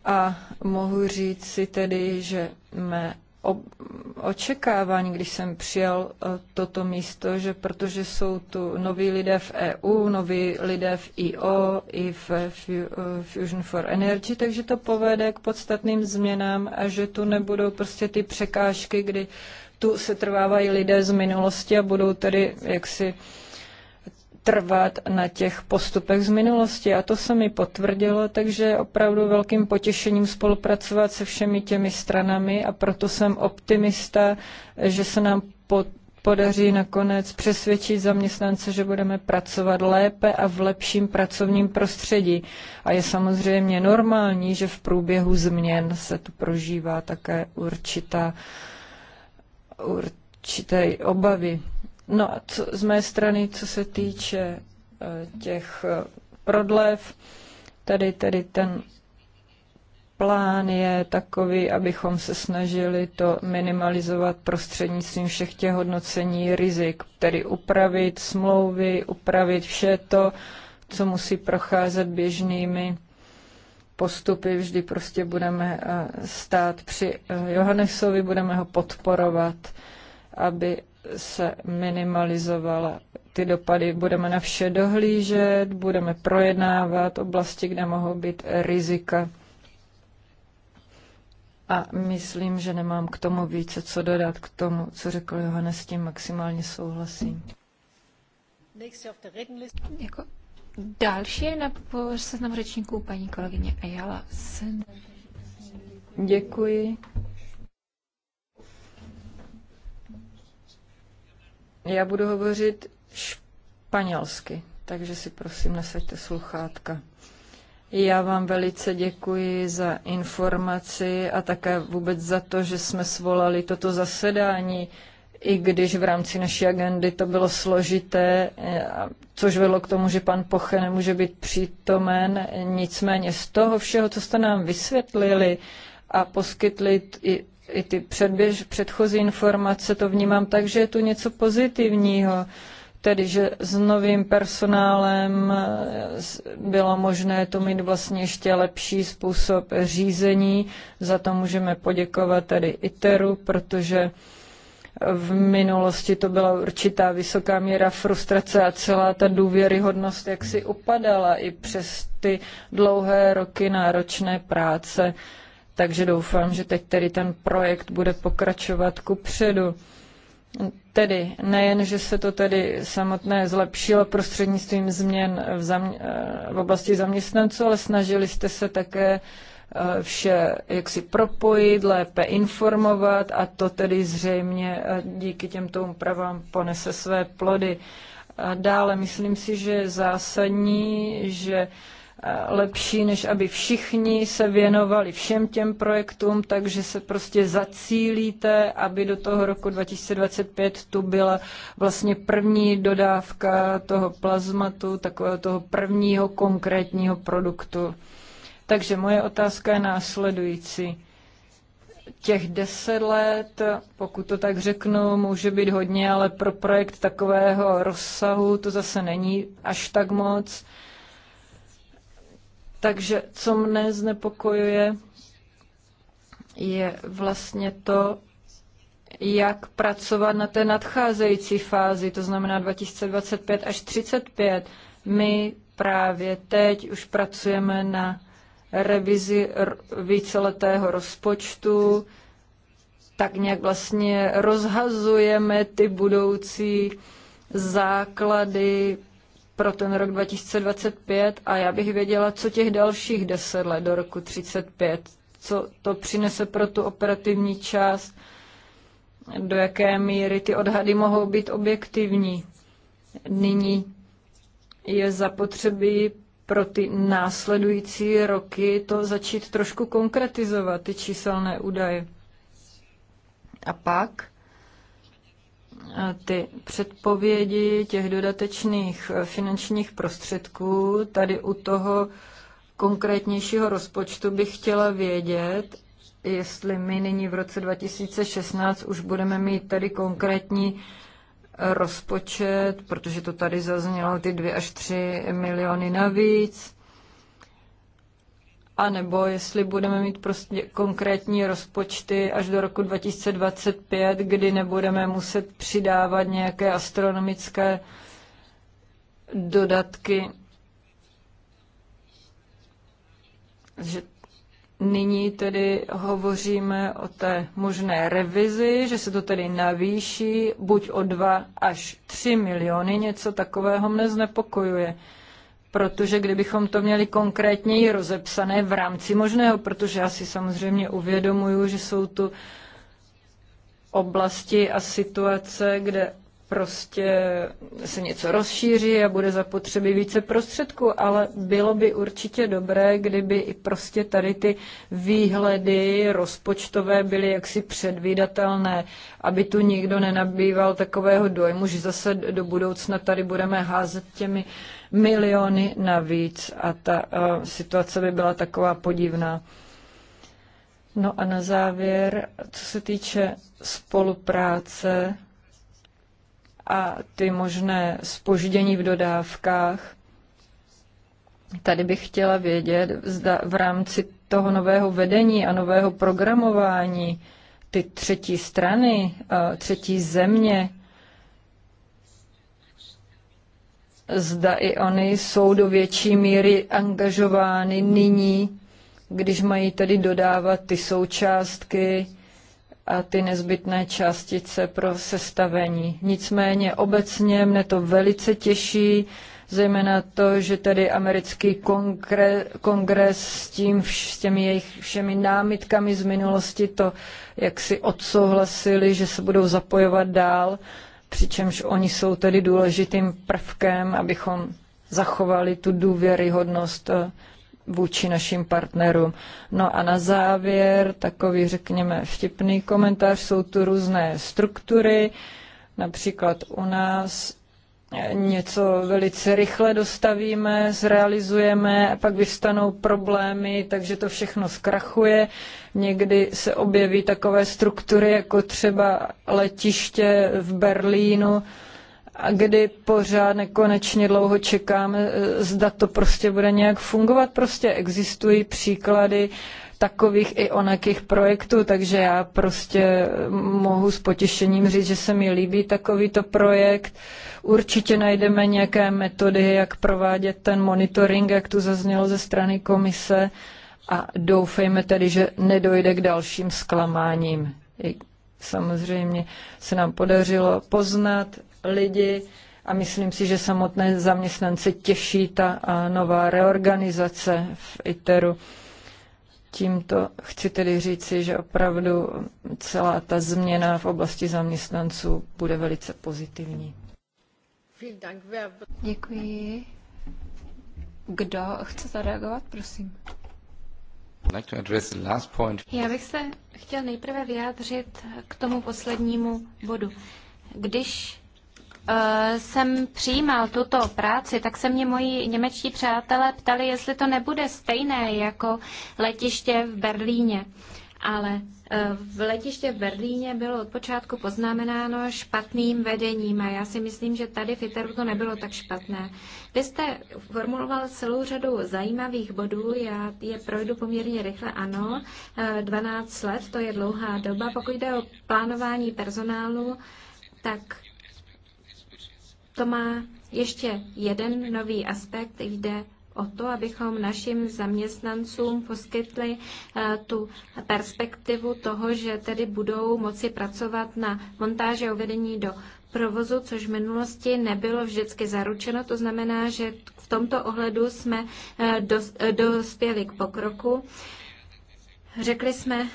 a mohu říct si tedy, že mé očekávání, když jsem přijal e, toto místo, že protože jsou tu noví lidé v EU, noví lidé v IO i v e, Fusion for Energy, takže to povede k podstatným změnám a že tu nebudou prostě ty překážky, kdy tu se trvávají lidé z minulosti a budou tedy jaksi uh, trvat na těch postupech z minulosti. A to se mi potvrdilo, takže je opravdu velkým potěšením spolupracovat se všemi těmi stranami a proto jsem optimista, že se nám po podaří nakonec přesvědčit zaměstnance, že budeme pracovat lépe a v lepším pracovním prostředí. A je samozřejmě normální, že v průběhu změn se tu prožívá také určitá, určité obavy. No a co, z mé strany, co se týče eh, těch eh, prodlev, tady, tady ten plán je takový, abychom se snažili to minimalizovat prostřednictvím všech těch hodnocení rizik, tedy upravit smlouvy, upravit vše to, co musí procházet běžnými postupy. Vždy prostě budeme eh, stát při Johannesovi, budeme ho podporovat, aby se minimalizovala. Ty dopady budeme na vše dohlížet, budeme projednávat oblasti, kde mohou být rizika. A myslím, že nemám k tomu více, co dodat k tomu, co řekl Johannes, s tím maximálně souhlasím. Jako další je na seznam řečníků paní kolegyně Ayala. Děkuji. Já budu hovořit španělsky, takže si prosím nasaďte sluchátka. Já vám velice děkuji za informaci a také vůbec za to, že jsme svolali toto zasedání, i když v rámci naší agendy to bylo složité, eh, což vedlo k tomu, že pan Poche nemůže být přítomen. Nicméně z toho všeho, co jste nám vysvětlili a poskytli i i ty předběž, předchozí informace, to vnímám tak, že je tu něco pozitivního. Tedy, že s novým personálem eh, bylo možné to mít vlastně ještě lepší způsob řízení. Za to můžeme poděkovat tady ITERu, protože v minulosti to byla určitá vysoká míra frustrace a celá ta důvěryhodnost jak si upadala i přes ty dlouhé roky náročné práce. Takže doufám, že teď tedy ten projekt bude pokračovat ku předu. Tedy nejen, že se to tedy samotné zlepšilo prostřednictvím změn v, zamě- v oblasti zaměstnanců, ale snažili jste se také eh, vše jaksi propojit, lépe informovat a to tedy zřejmě eh, díky těmto úpravám ponese své plody. A dále myslím si, že je zásadní, že Eh, lepší, než aby všichni se věnovali všem těm projektům, takže se prostě zacílíte, aby do toho roku 2025 tu byla vlastně první dodávka toho plazmatu, takového toho prvního konkrétního produktu. Takže moje otázka je následující těch deset let, pokud to tak řeknu, může být hodně, ale pro projekt takového rozsahu to zase není až tak moc. Takže co mne znepokojuje, je vlastně to, jak pracovat na té nadcházející fázi, to znamená 2025 až 35. My právě teď už pracujeme na revizi víceletého rozpočtu, tak nějak vlastně rozhazujeme ty budoucí základy pro ten rok 2025 a já bych věděla, co těch dalších 10 let do roku 35, co to přinese pro tu operativní část, do jaké míry ty odhady mohou být objektivní. Nyní je zapotřebí pro ty následující roky to začít trošku konkretizovat, ty číselné údaje. A pak ty předpovědi těch dodatečných eh, finančních prostředků tady u toho konkrétnějšího rozpočtu bych chtěla vědět, jestli my nyní v roce 2016 už budeme mít tady konkrétní eh, rozpočet, protože to tady zaznělo ty 2 až 3 miliony navíc, a nebo jestli budeme mít prostě konkrétní rozpočty až do roku 2025, kdy nebudeme muset přidávat nějaké astronomické dodatky. Že nyní tedy hovoříme o té možné revizi, že se to tedy navýší buď o 2 až 3 miliony, něco takového mne znepokojuje protože kdybychom to měli konkrétněji rozepsané v rámci možného, protože já si samozřejmě uvědomuju, že jsou tu oblasti a situace, kde prostě se něco rozšíří a bude zapotřebí více prostředků, ale bylo by určitě dobré, kdyby i prostě tady ty výhledy rozpočtové byly jaksi předvídatelné, aby tu nikdo nenabýval takového dojmu, že zase do budoucna tady budeme házet těmi uh, miliony navíc a ta uh, situace by byla taková podivná. No a na závěr, co se týče spolupráce a ty možné spoždění v dodávkách, tady bych chtěla vědět, zda v rámci toho nového vedení a nového programování ty třetí strany, eh, třetí země, zda i oni jsou do větší míry angažovány nyní, když mají tedy dodávat ty součástky a ty nezbytné částice pro sestavení. Nicméně obecně mne to velice těší, zejména to, že tedy americký kongres, kongres s, tím, s těmi jejich všemi námitkami z minulosti to, jak si odsouhlasili, že se budou zapojovat dál přičemž oni jsou tedy důležitým prvkem, abychom zachovali tu důvěryhodnost eh, vůči našim partnerům. No a na závěr takový, řekněme, vtipný komentář. Jsou tu různé struktury, například u nás No. něco velice rychle dostavíme, zrealizujeme, a pak vyvstanou problémy, takže to všechno zkrachuje. Někdy se objeví takové struktury, jako třeba letiště v Berlínu, a kdy pořád nekonečně dlouho čekáme, e, zda to prostě bude nějak fungovat. Prostě existují příklady takových i onakých projektů, takže já prostě mohu s potěšením říct, že se mi líbí takovýto projekt. Určitě najdeme nějaké metody, jak provádět ten monitoring, jak tu zaznělo ze strany komise a doufejme tedy, že nedojde k dalším zklamáním. Samozřejmě se nám podařilo poznat lidi, a myslím si, že samotné zaměstnance těší ta nová reorganizace v ITERu. Tímto chci tedy říci, že opravdu celá ta změna v oblasti zaměstnanců bude velice pozitivní. Děkuji. Kdo chce zareagovat, prosím? Já bych se chtěl nejprve vyjádřit k tomu poslednímu bodu. Když Eh, jsem přijímal tuto práci, tak se mě moji němečtí přátelé ptali, jestli to nebude stejné jako letiště v Berlíně. Ale eh, v letiště v Berlíně bylo od počátku poznamenáno špatným vedením a já si myslím, že tady v ITERu to nebylo tak špatné. Vy jste formuloval celou řadu zajímavých bodů, já je projdu poměrně rychle, ano, 12 eh, let, to je dlouhá doba. Pokud jde o plánování personálu, tak to má ještě jeden nový aspekt. Jde o to, abychom našim zaměstnancům poskytli eh, tu perspektivu toho, že tedy budou moci pracovat na montáže uvedení do provozu, což v minulosti nebylo vždycky zaručeno. To znamená, že v tomto ohledu jsme eh, eh, dospěli k pokroku. Řekli jsme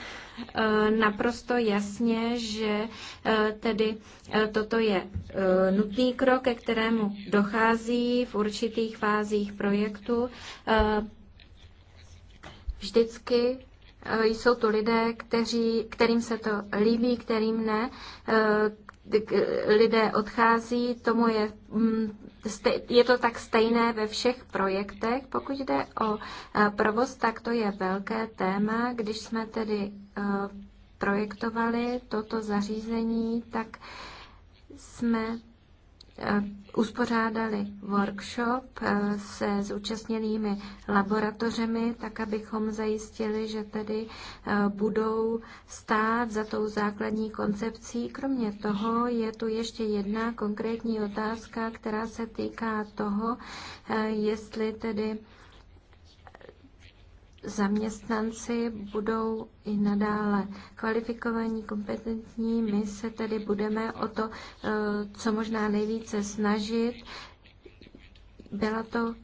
Eh, naprosto jasně, že eh, tedy eh, toto je nutný krok, ke kterému dochází v určitých fázích projektu. Vždycky jsou tu lidé, kteří, kterým se to líbí, kterým ne, lidé odchází, tomu je, mm, je to tak stejné ve všech projektech. Pokud jde o provoz, tak to je velké téma. Když jsme tedy Eh, projektovali toto zařízení, tak jsme eh, uspořádali workshop eh, se zúčastněnými laboratořemi, tak abychom zajistili, že tedy budou stát za tou základní koncepcí. Kromě toho je tu ještě jedna konkrétní otázka, která se týká toho, jestli tedy zaměstnanci budou i nadále kvalifikovaní, kompetentní. My se tedy budeme o to, eh, co možná nejvíce snažit. Byla to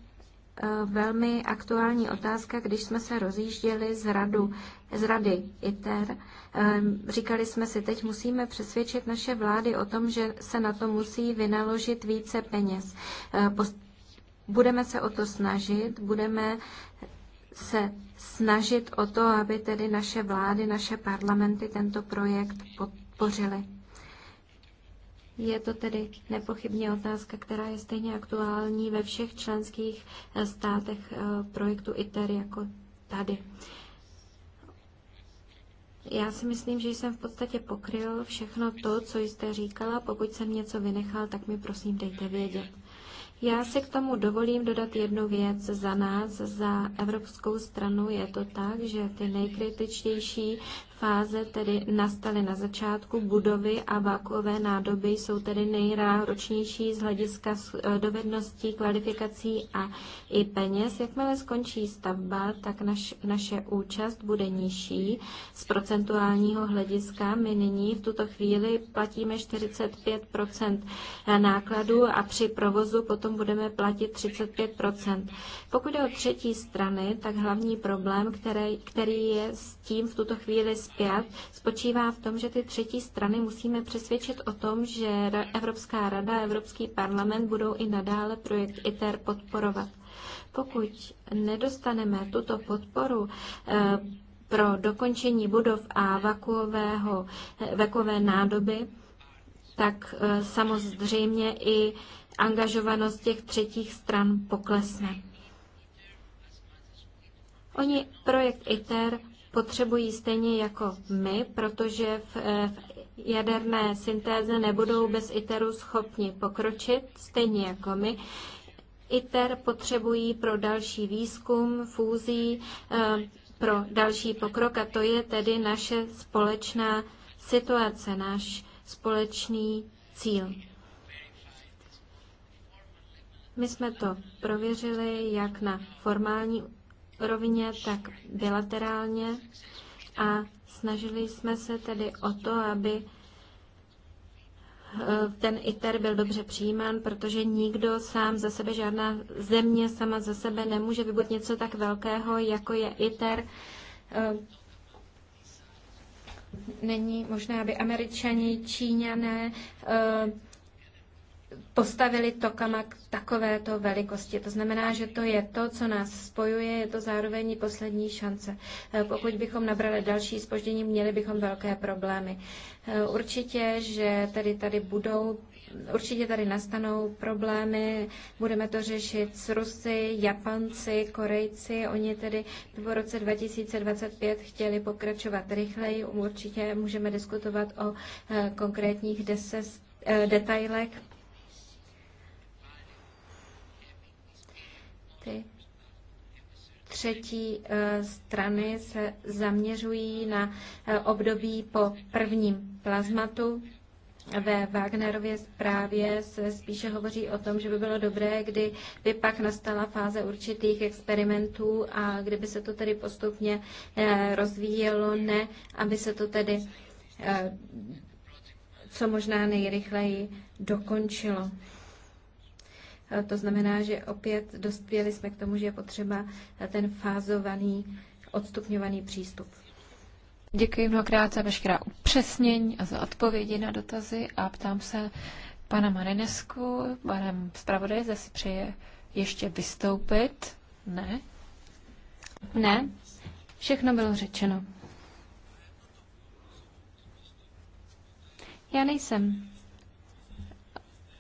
eh, velmi aktuální otázka, když jsme se rozjížděli z, radu, z rady ITER. Eh, říkali jsme si, teď musíme přesvědčit naše vlády o tom, že se na to musí vynaložit více peněz. Budeme se o to snažit, budeme se snažit o to, aby tedy naše vlády, naše parlamenty tento projekt podpořily. Je to tedy nepochybně otázka, která je stejně aktuální ve všech členských eh, státech eh, projektu ITER jako tady. Já si myslím, že jsem v podstatě pokryl všechno to, co jste říkala. Pokud jsem něco vynechal, tak mi prosím dejte vědět. Já si k tomu dovolím dodat jednu věc. Za nás, za Evropskou stranu, je to tak, že ty nejkritičtější fáze tedy nastaly na začátku. Budovy a vakové nádoby jsou tedy nejnáročnější z hlediska dovedností, kvalifikací a i peněz. Jakmile skončí stavba, tak naš, naše účast bude nižší z procentuálního hlediska. My nyní v tuto chvíli platíme 45 nákladů a při provozu potom budeme platit 35 Pokud je o třetí strany, tak hlavní problém, který, který je s tím v tuto chvíli zpět, spočívá v tom, že ty třetí strany musíme přesvědčit o tom, že Evropská rada a Evropský parlament budou i nadále projekt ITER podporovat. Pokud nedostaneme tuto podporu, eh, pro dokončení budov a vakuového, eh, vakové nádoby, tak eh, samozřejmě i angažovanost těch třetích stran poklesne. Oni projekt ITER potřebují stejně jako my, protože eh, v, jaderné syntéze nebudou bez ITERu schopni pokročit, stejně jako my. ITER potřebují pro další výzkum, fúzí, eh, pro další pokrok a to je tedy naše společná situace, náš společný cíl. My jsme to prověřili jak na formální rovině, tak bilaterálně a snažili jsme se tedy o to, aby eh, ten ITER byl dobře přijímán, protože nikdo sám za sebe, žádná země sama za sebe nemůže vybudit něco tak velkého, jako je ITER. Eh, není možné, aby američani, číňané, eh, postavili Tokama k takovéto velikosti. To znamená, že to je to, co nás spojuje, je to zároveň poslední šance. Eh, pokud bychom nabrali další spoždění, měli bychom velké problémy. Eh, určitě, že tady tady budou Určitě tady nastanou problémy, budeme to řešit s Rusy, Japanci, Korejci. Oni tedy v roce 2025 chtěli pokračovat rychleji. Určitě můžeme diskutovat o eh, konkrétních deses, detailech ty třetí eh, strany se zaměřují na eh, období po prvním plazmatu. Ve Wagnerově zprávě se spíše hovoří o tom, že by bylo dobré, kdy by pak nastala fáze určitých experimentů a kdyby se to tedy postupně eh, rozvíjelo, ne, aby se to tedy co možná nejrychleji dokončilo. Eh, to znamená, že opět dospěli jsme k tomu, že je potřeba eh, ten fázovaný, odstupňovaný přístup. Děkuji mnohokrát za veškerá upřesnění a za odpovědi na dotazy a ptám se pana Marinesku, panem zpravodaj, zda si přeje ještě vystoupit. Ne? Ne, všechno bylo řečeno. Já nejsem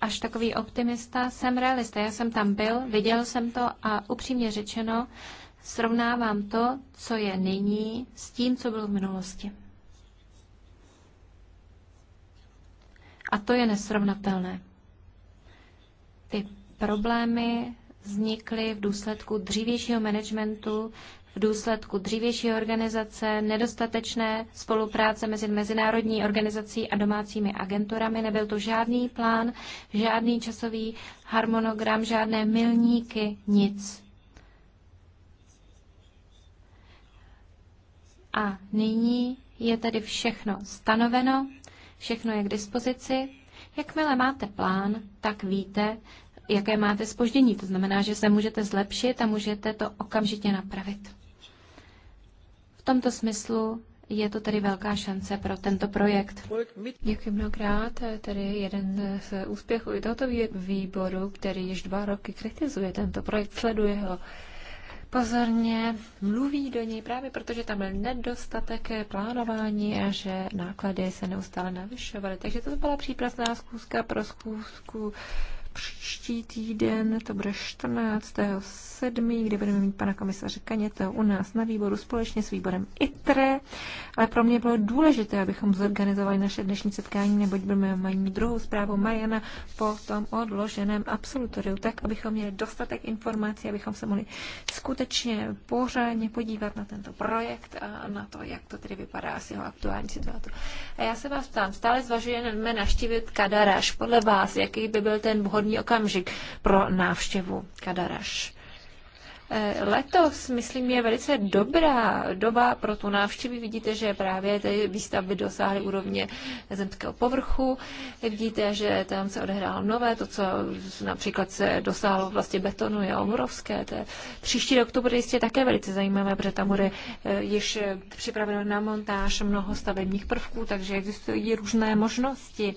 až takový optimista, jsem realista. Já jsem tam byl, viděl jsem to a upřímně řečeno, srovnávám to, co je nyní, s tím, co bylo v minulosti. A to je nesrovnatelné. Ty problémy vznikly v důsledku dřívějšího managementu, v důsledku dřívější organizace, nedostatečné spolupráce mezi mezinárodní organizací a domácími agenturami. Nebyl to žádný plán, žádný časový harmonogram, žádné milníky, nic. A nyní je tedy všechno stanoveno, všechno je k dispozici. Jakmile máte plán, tak víte, jaké máte spoždění. To znamená, že se můžete zlepšit a můžete to okamžitě napravit tomto smyslu je to tedy velká šance pro tento projekt. Děkuji mnohokrát. tady jeden z úspěchů i tohoto výboru, který již dva roky kritizuje tento projekt, sleduje ho pozorně, mluví do něj právě protože tam byl nedostatek plánování a že náklady se neustále navyšovaly. Takže to byla přípravná zkouška pro zkoušku příští týden, to bude 14. 7., kdy budeme mít pana komisaře Kaněte u nás na výboru společně s výborem ITRE. Ale pro mě bylo důležité, abychom zorganizovali naše dnešní setkání, neboť budeme mít druhou zprávu Majana po tom odloženém absolutoriu, tak abychom měli dostatek informací, abychom se mohli skutečně pořádně podívat na tento projekt a na to, jak to tedy vypadá s jeho aktuální situací. A já se vás ptám, stále zvažujeme navštívit Kadaraš. Podle vás, jaký by byl ten vhodný okamžik pro návštěvu Kadaraš? Eh, letos, myslím, je velice dobrá doba pro tu návštěvu. Vidíte, že právě ty výstavby dosáhly úrovně zemského povrchu. Vidíte, že tam se odehrálo nové, to, co například se dosáhlo vlastně betonu, je omorovské. To je, příští rok to bude jistě také velice zajímavé, protože tam bude eh, již připraveno na montáž mnoho stavebních prvků, takže existují různé možnosti.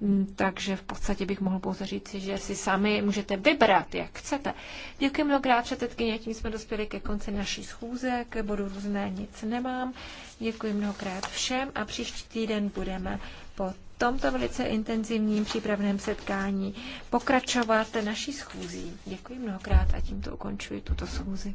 Mm, takže v podstatě bych mohl pouze říct, že si sami můžete vybrat, jak chcete. Děkuji mnohokrát, před předsedkyně, tím jsme dospěli ke konci naší schůze, k bodu různé nic nemám. Děkuji mnohokrát všem a příští týden budeme po tomto velice intenzivním přípravném setkání pokračovat naší schůzí. Děkuji mnohokrát a tímto ukončuji tuto schůzi.